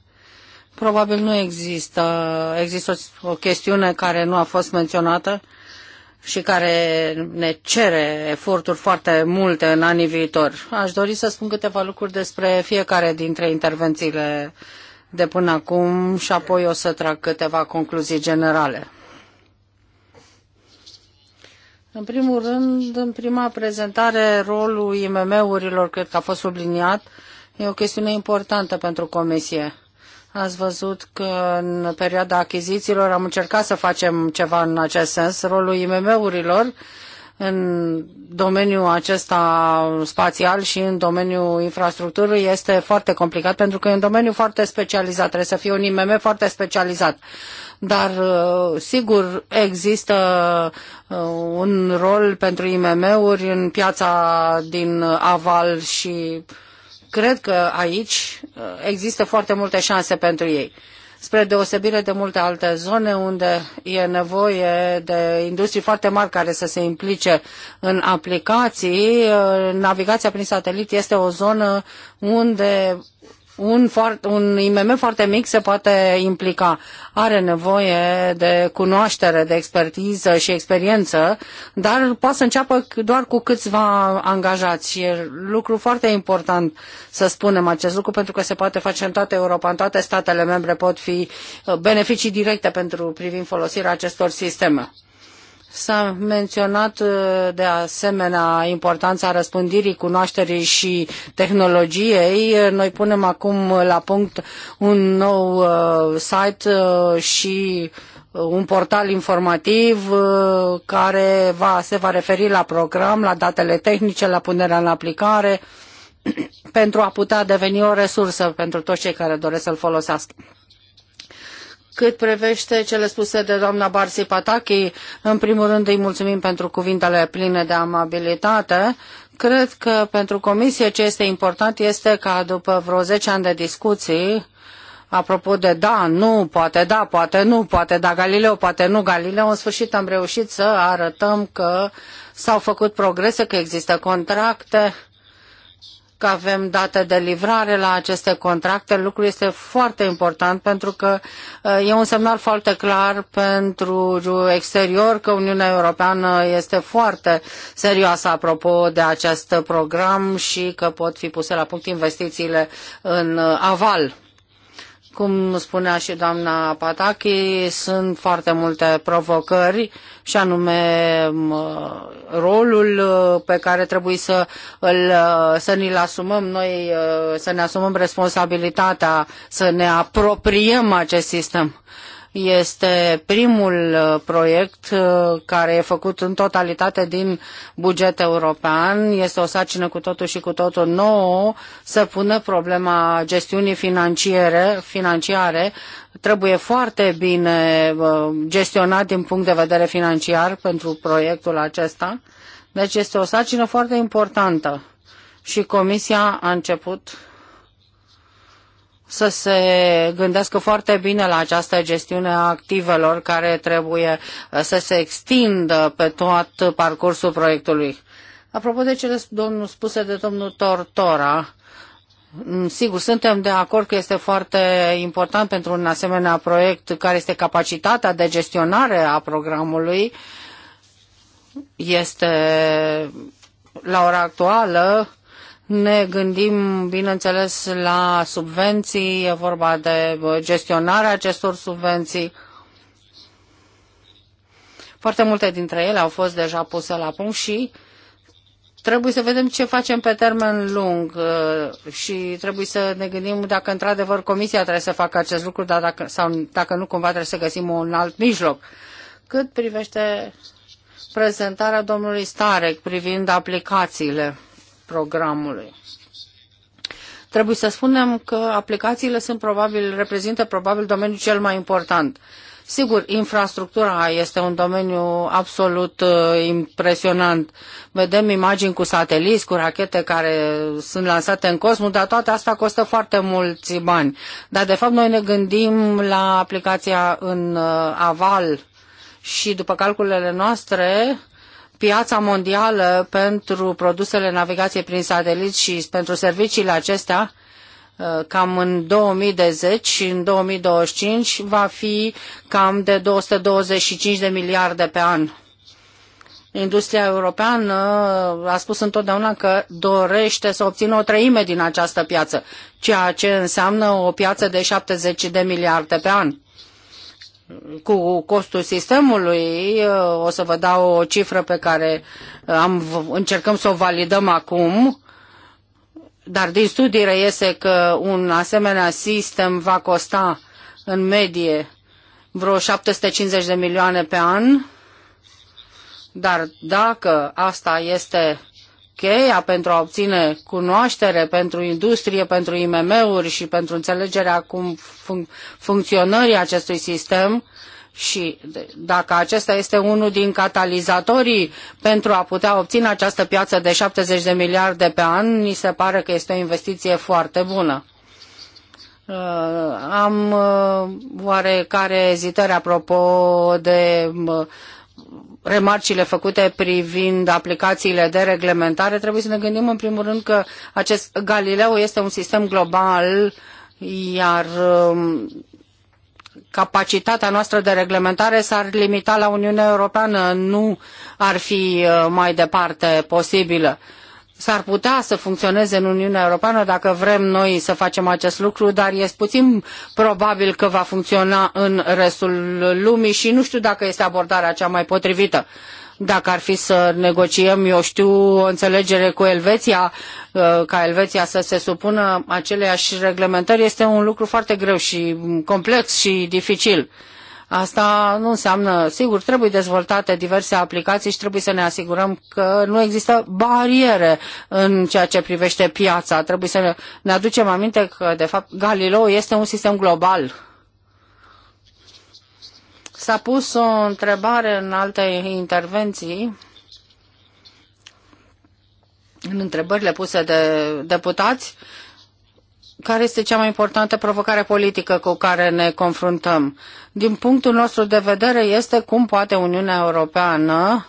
Probabil nu există, există o chestiune care nu a fost menționată, și care ne cere eforturi foarte multe în anii viitori. Aș dori să spun câteva lucruri despre fiecare dintre intervențiile de până acum și apoi o să trag câteva concluzii generale. În primul rând, în prima prezentare, rolul IMM-urilor cred că a fost subliniat. E o chestiune importantă pentru Comisie. Ați văzut că în perioada achizițiilor am încercat să facem ceva în acest sens. Rolul IMM-urilor în domeniul acesta spațial și în domeniul infrastructurii este foarte complicat pentru că e un domeniu foarte specializat, trebuie să fie un IMM foarte specializat. Dar uh, sigur există uh, un rol pentru IMM-uri în piața din aval și uh, Cred că aici uh, există foarte multe șanse pentru ei spre deosebire de multe alte zone unde e nevoie de industrii foarte mari care să se implice în aplicații, uh, navigația prin satelit este o zonă unde un, foarte un IMM foarte mic se poate implica. Are nevoie de cunoaștere, de expertiză și experiență, dar poate să înceapă doar cu câțiva angajați. e lucru foarte important să spunem acest lucru, pentru că se poate face în toată Europa, în toate statele membre pot fi uh, beneficii directe pentru privind folosirea acestor sisteme. S-a menționat uh, de asemenea importanța răspândirii cunoașterii și tehnologiei. Noi punem acum la punct un nou uh, site uh, și un portal informativ care va, se va referi la program, la datele tehnice, la punerea în aplicare, pentru a putea deveni o resursă pentru toți cei care doresc să-l folosească. Cât privește cele spuse de doamna Barsi Pataki, în primul rând îi mulțumim pentru cuvintele pline de amabilitate. Cred că pentru comisie ce este important este ca după vreo 10 ani de discuții, apropo de da, nu, poate da, poate nu, poate da Galileo, poate nu Galileo, în sfârșit am reușit să arătăm că s-au făcut progrese, că există contracte, că avem date de livrare la aceste contracte. Lucrul este foarte important pentru că uh, e un semnal foarte clar pentru exterior că Uniunea Europeană este foarte serioasă apropo de acest program și că pot fi puse la punct investițiile în uh, aval. Cum spunea și doamna Pataki, sunt foarte multe provocări și anume rolul uh, pe care trebuie să, îl, uh, să ne-l asumăm noi, uh, să ne asumăm responsabilitatea, să ne apropiem acest sistem. Este primul uh, proiect uh, care e făcut în totalitate din buget european. Este o sacină cu totul și cu totul nouă să pună problema gestiunii financiare, financiare. Trebuie foarte bine uh, gestionat din punct de vedere financiar pentru proiectul acesta. Deci este o sacină foarte importantă și Comisia a început să se gândească foarte bine la această gestiune a activelor care trebuie uh, să se extindă pe tot parcursul proiectului. Apropo de cele spuse de domnul Tortora, mm, Sigur, suntem de acord că este foarte important pentru un asemenea proiect care este capacitatea de gestionare a programului. Este la ora actuală ne gândim, bineînțeles, la subvenții, e vorba de gestionarea acestor subvenții. Foarte multe dintre ele au fost deja puse la punct și trebuie să vedem ce facem pe termen lung ă, și trebuie să ne gândim dacă într-adevăr comisia trebuie să facă acest lucru dar dacă, sau dacă nu cumva trebuie să găsim un alt mijloc. Cât privește prezentarea domnului Starec privind aplicațiile programului. Trebuie să spunem că aplicațiile sunt probabil, reprezintă probabil domeniul cel mai important. Sigur, infrastructura este un domeniu absolut uh, impresionant. Vedem imagini cu sateliți, cu rachete care sunt lansate în cosmos, dar toate asta costă foarte mulți bani. Dar, de fapt, noi ne gândim la aplicația în uh, aval și, după calculele noastre, piața mondială pentru produsele navigației prin satelit și pentru serviciile acestea uh, cam în 2010 și în 2025 va fi cam de 225 de miliarde pe an. Industria europeană uh, a spus întotdeauna că dorește să obțină o treime din această piață, ceea ce înseamnă o piață de 70 de miliarde pe an cu costul sistemului, uh, o să vă dau o cifră pe care uh, am, încercăm să o validăm acum, dar din studii reiese că un asemenea sistem va costa în medie vreo 750 de milioane pe an, dar dacă asta este cheia pentru a obține cunoaștere pentru industrie, pentru IMM-uri și pentru înțelegerea cum func- funcționării acestui sistem și dacă acesta este unul din catalizatorii pentru a putea obține această piață de 70 de miliarde pe an, mi se pare că este o investiție foarte bună. Uh, am uh, oarecare ezitări apropo de uh, remarcile făcute privind aplicațiile de reglementare, trebuie să ne gândim în primul rând că acest Galileo este un sistem global, iar um, capacitatea noastră de reglementare s-ar limita la Uniunea Europeană, nu ar fi uh, mai departe posibilă s-ar putea să funcționeze în Uniunea Europeană dacă vrem noi să facem acest lucru, dar este puțin probabil că va funcționa în restul lumii și nu știu dacă este abordarea cea mai potrivită. Dacă ar fi să negociem, eu știu, o înțelegere cu Elveția, uh, ca Elveția să se supună aceleași reglementări, este un lucru foarte greu și complex și dificil. Asta nu înseamnă, sigur, trebuie dezvoltate diverse aplicații și trebuie să ne asigurăm că nu există bariere în ceea ce privește piața. Trebuie să ne aducem aminte că, de fapt, Galileo este un sistem global. S-a pus o întrebare în alte intervenții în întrebările puse de deputați care este cea mai importantă provocare politică cu care ne confruntăm? Din punctul nostru de vedere este cum poate Uniunea Europeană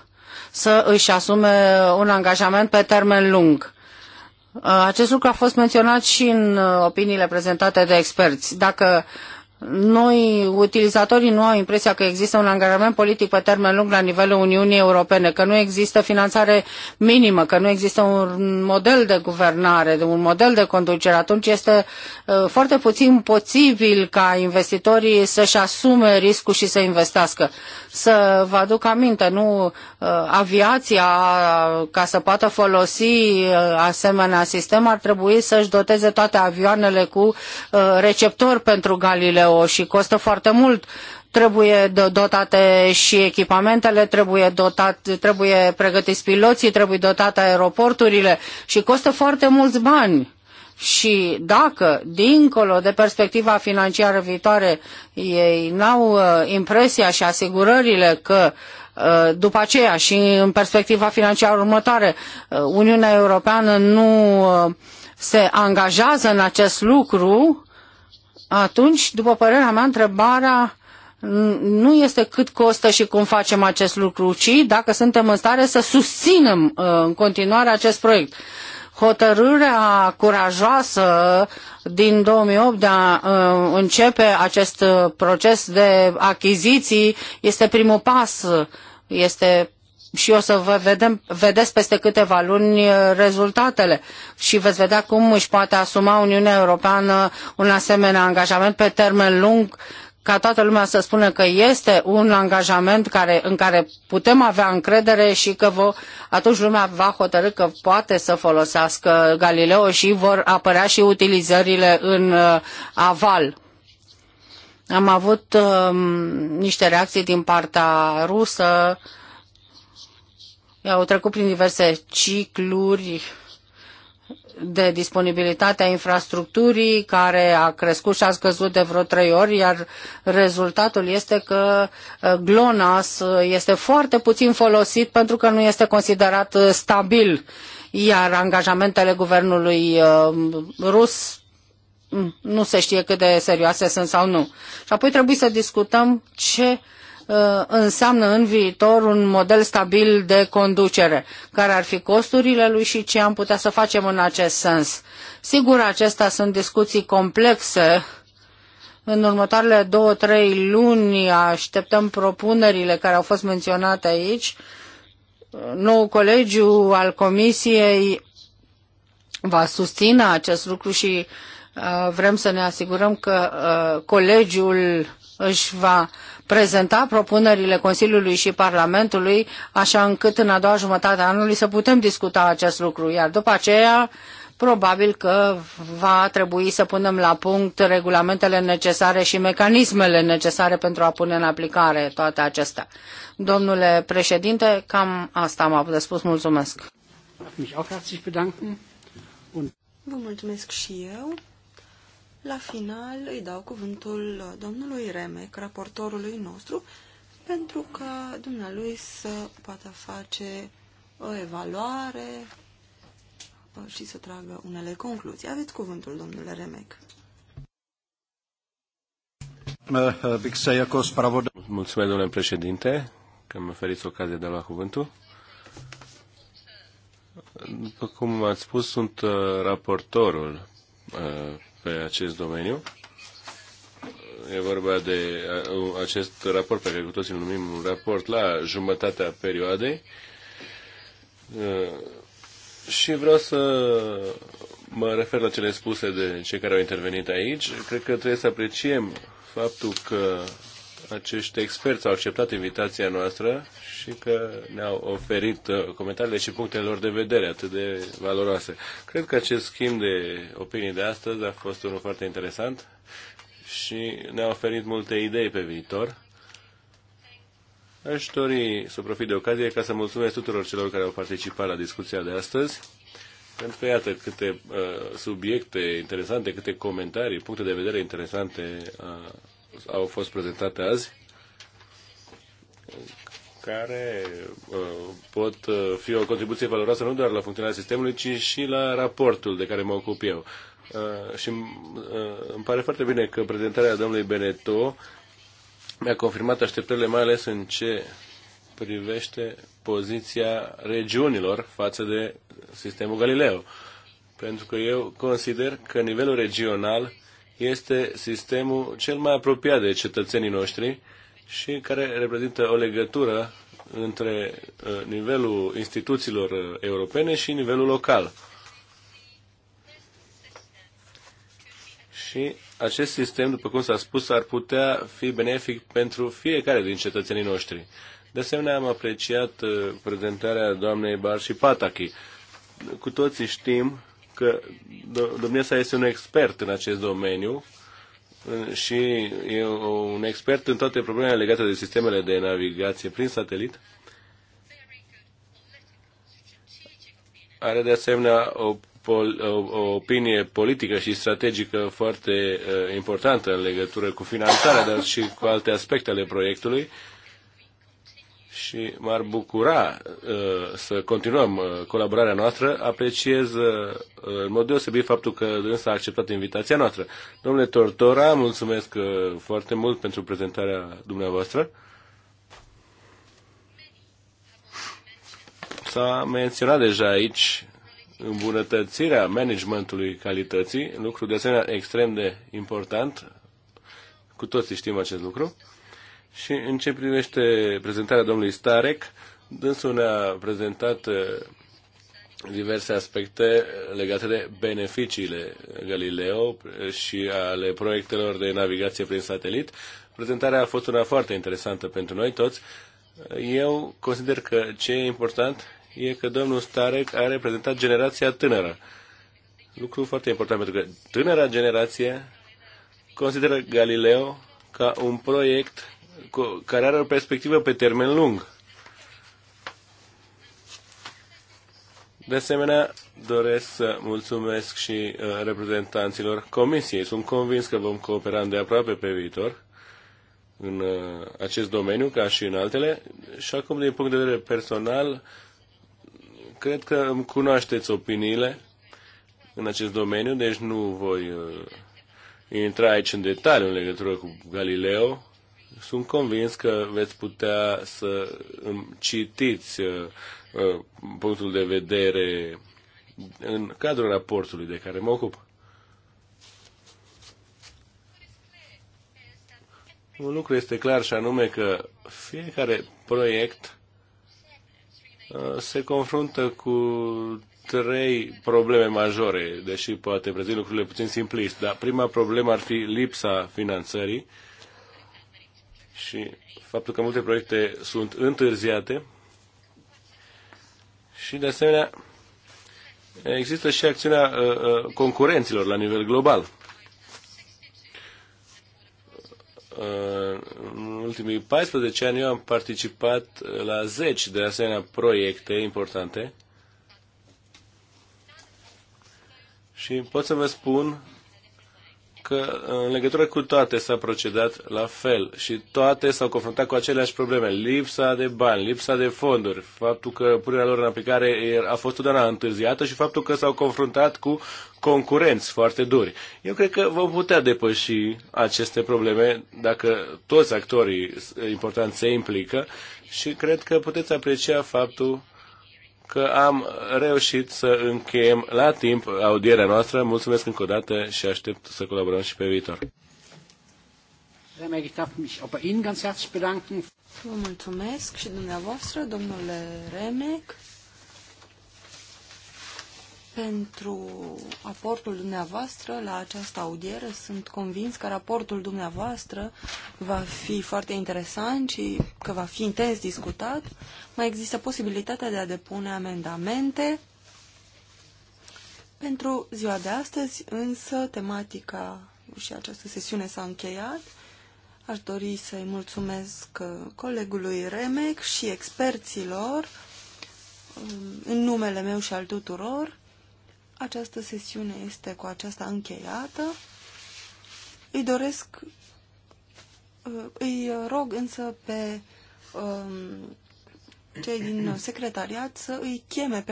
să își asume un angajament pe termen lung. Acest lucru a fost menționat și în uh, opiniile prezentate de experți. Dacă noi, utilizatorii nu au impresia că există un angajament politic pe termen lung la nivelul Uniunii Europene, că nu există finanțare minimă, că nu există un model de guvernare, un model de conducere, atunci este uh, foarte puțin posibil ca investitorii să-și asume riscul și să investească. Să vă aduc aminte, nu uh, aviația, ca să poată folosi uh, asemenea sistem, ar trebui să-și doteze toate avioanele cu uh, receptor pentru Galileo și costă foarte mult trebuie dotate și echipamentele, trebuie, dotat, trebuie pregătiți piloții, trebuie dotate aeroporturile și costă foarte mulți bani și dacă, dincolo de perspectiva financiară viitoare, ei n-au uh, impresia și asigurările că uh, după aceea și în perspectiva financiară următoare, uh, Uniunea Europeană nu se angajează în acest lucru, atunci, după părerea mea, întrebarea nu este cât costă și cum facem acest lucru, ci dacă suntem în stare să susținem în continuare acest proiect hotărârea curajoasă din 2008 de a ă, începe acest ă, proces de achiziții este primul pas. Este și o să vă vedem, vedeți peste câteva luni ă, rezultatele și veți vedea cum își poate asuma Uniunea Europeană un asemenea angajament pe termen lung ca toată lumea să spună că este un angajament care, în care putem avea încredere și că vă, atunci lumea va hotărâ că poate să folosească Galileo și vor apărea și utilizările în uh, aval. Am avut um, niște reacții din partea rusă, au trecut prin diverse cicluri, de disponibilitatea infrastructurii care a crescut și a scăzut de vreo trei ori, iar rezultatul este că uh, GLONASS uh, este foarte puțin folosit pentru că nu este considerat uh, stabil, iar angajamentele guvernului rus mm, nu se știe cât de serioase sunt sau nu. Și apoi trebuie să discutăm ce Uh, înseamnă în viitor un model stabil de conducere, care ar fi costurile lui și ce am putea să facem în acest sens. Sigur, acestea sunt discuții complexe. În următoarele două-trei luni așteptăm propunerile care au fost menționate aici. Nou colegiu al Comisiei va susține acest lucru și uh, vrem să ne asigurăm că uh, colegiul își va prezenta propunerile Consiliului și Parlamentului, așa încât în a doua jumătate a anului să putem discuta acest lucru, iar după aceea probabil că va trebui să punem la punct regulamentele necesare și mecanismele necesare pentru a pune în aplicare toate acestea. Domnule președinte, cam asta am avut de spus. Mulțumesc! Vă mulțumesc și eu. La final îi dau cuvântul domnului Remec, raportorului nostru, pentru ca dumnealui să poată face o evaluare uh, și să tragă unele concluzii. Aveți cuvântul, domnule Remec. Mulțumesc, domnule președinte, că mi-a oferit ocazia de a lua cuvântul. După cum ați spus, sunt uh, raportorul uh, pe acest domeniu. E vorba de acest raport pe care cu toții îl numim un raport la jumătatea perioadei. Și vreau să mă refer la cele spuse de cei care au intervenit aici. Cred că trebuie să apreciem faptul că acești experți au acceptat invitația noastră și că ne-au oferit uh, comentariile și punctele lor de vedere atât de valoroase. Cred că acest schimb de opinii de astăzi a fost unul foarte interesant și ne-a oferit multe idei pe viitor. Aș dori să profit de ocazie ca să mulțumesc tuturor celor care au participat la discuția de astăzi, pentru că iată câte uh, subiecte interesante, câte comentarii, puncte de vedere interesante uh, au fost prezentate azi, care uh, pot uh, fi o contribuție valoroasă nu doar la funcționarea sistemului, ci și la raportul de care mă ocup eu. Uh, și îmi pare foarte bine că prezentarea domnului Beneto mi-a confirmat așteptările, mai ales în ce privește poziția regiunilor față de sistemul Galileo. Pentru că eu consider că nivelul regional este sistemul cel mai apropiat de cetățenii noștri și care reprezintă o legătură între uh, nivelul instituțiilor uh, europene și nivelul local. Și acest sistem, după cum s-a spus, ar putea fi benefic pentru fiecare din cetățenii noștri. De asemenea, am apreciat uh, prezentarea doamnei Bar și Pataki. Cu toții știm că domnia sa este un expert în acest domeniu și e un expert în toate problemele legate de sistemele de navigație prin satelit. Are de asemenea o, pol, o, o opinie politică și strategică foarte uh, importantă în legătură cu finanțarea, dar și cu alte aspecte ale proiectului. Uh, și m-ar bucura uh, să continuăm uh, colaborarea noastră. Apreciez uh, în mod deosebit faptul că însă a acceptat invitația noastră. Domnule Tortora, mulțumesc uh, foarte mult pentru prezentarea dumneavoastră. S-a menționat deja aici îmbunătățirea managementului calității, lucru de asemenea extrem de important. Cu toții știm acest lucru. Și în ce privește prezentarea domnului Starek, dânsul ne-a prezentat uh, diverse aspecte legate de beneficiile Galileo uh, și ale proiectelor de navigație prin satelit. Prezentarea a fost una foarte interesantă pentru noi toți. Uh, eu consider că ce e important e că domnul Starek a reprezentat generația tânără. Lucru foarte important pentru că tânăra generație consideră Galileo ca un proiect care are o perspectivă pe termen lung. De asemenea, doresc să mulțumesc și uh, reprezentanților Comisiei. Sunt convins că vom coopera de aproape pe viitor în uh, acest domeniu, ca și în altele. Și acum, din punct de vedere personal, cred că îmi cunoașteți opiniile în acest domeniu, deci nu voi uh, intra aici în detaliu în legătură cu Galileo, sunt convins că veți putea să citiți uh, uh, punctul de vedere în cadrul raportului de care mă ocup. Un lucru este clar și anume că fiecare proiect uh, se confruntă cu trei probleme majore, deși poate prezint lucrurile puțin simplist, dar prima problemă ar fi lipsa finanțării, și faptul că multe proiecte sunt întârziate și, de asemenea, există și acțiunea uh, uh, concurenților la nivel global. Uh, în ultimii 14 ani eu am participat la 10 de asemenea proiecte importante și pot să vă spun că în legătură cu toate s-a procedat la fel și toate s-au confruntat cu aceleași probleme. Lipsa de bani, lipsa de fonduri, faptul că punerea lor în aplicare a fost totdeauna întârziată și faptul că s-au confruntat cu concurenți foarte duri. Eu cred că vom putea depăși aceste probleme dacă toți actorii importanți se implică și cred că puteți aprecia faptul că am reușit să încheiem la timp audierea noastră. Mulțumesc încă o dată și aștept să colaborăm și pe viitor. Vă mulțumesc și dumneavoastră, domnule Remec pentru aportul dumneavoastră la această audiere. Sunt convins că raportul dumneavoastră va fi foarte interesant și că va fi intens discutat. Mai există posibilitatea de a depune amendamente. Pentru ziua de astăzi, însă, tematica și această sesiune s-a încheiat. Aș dori să-i mulțumesc colegului Remec și experților um, în numele meu și al tuturor această sesiune este cu aceasta încheiată. Îi doresc, îi rog însă pe um, cei din secretariat să îi cheme pe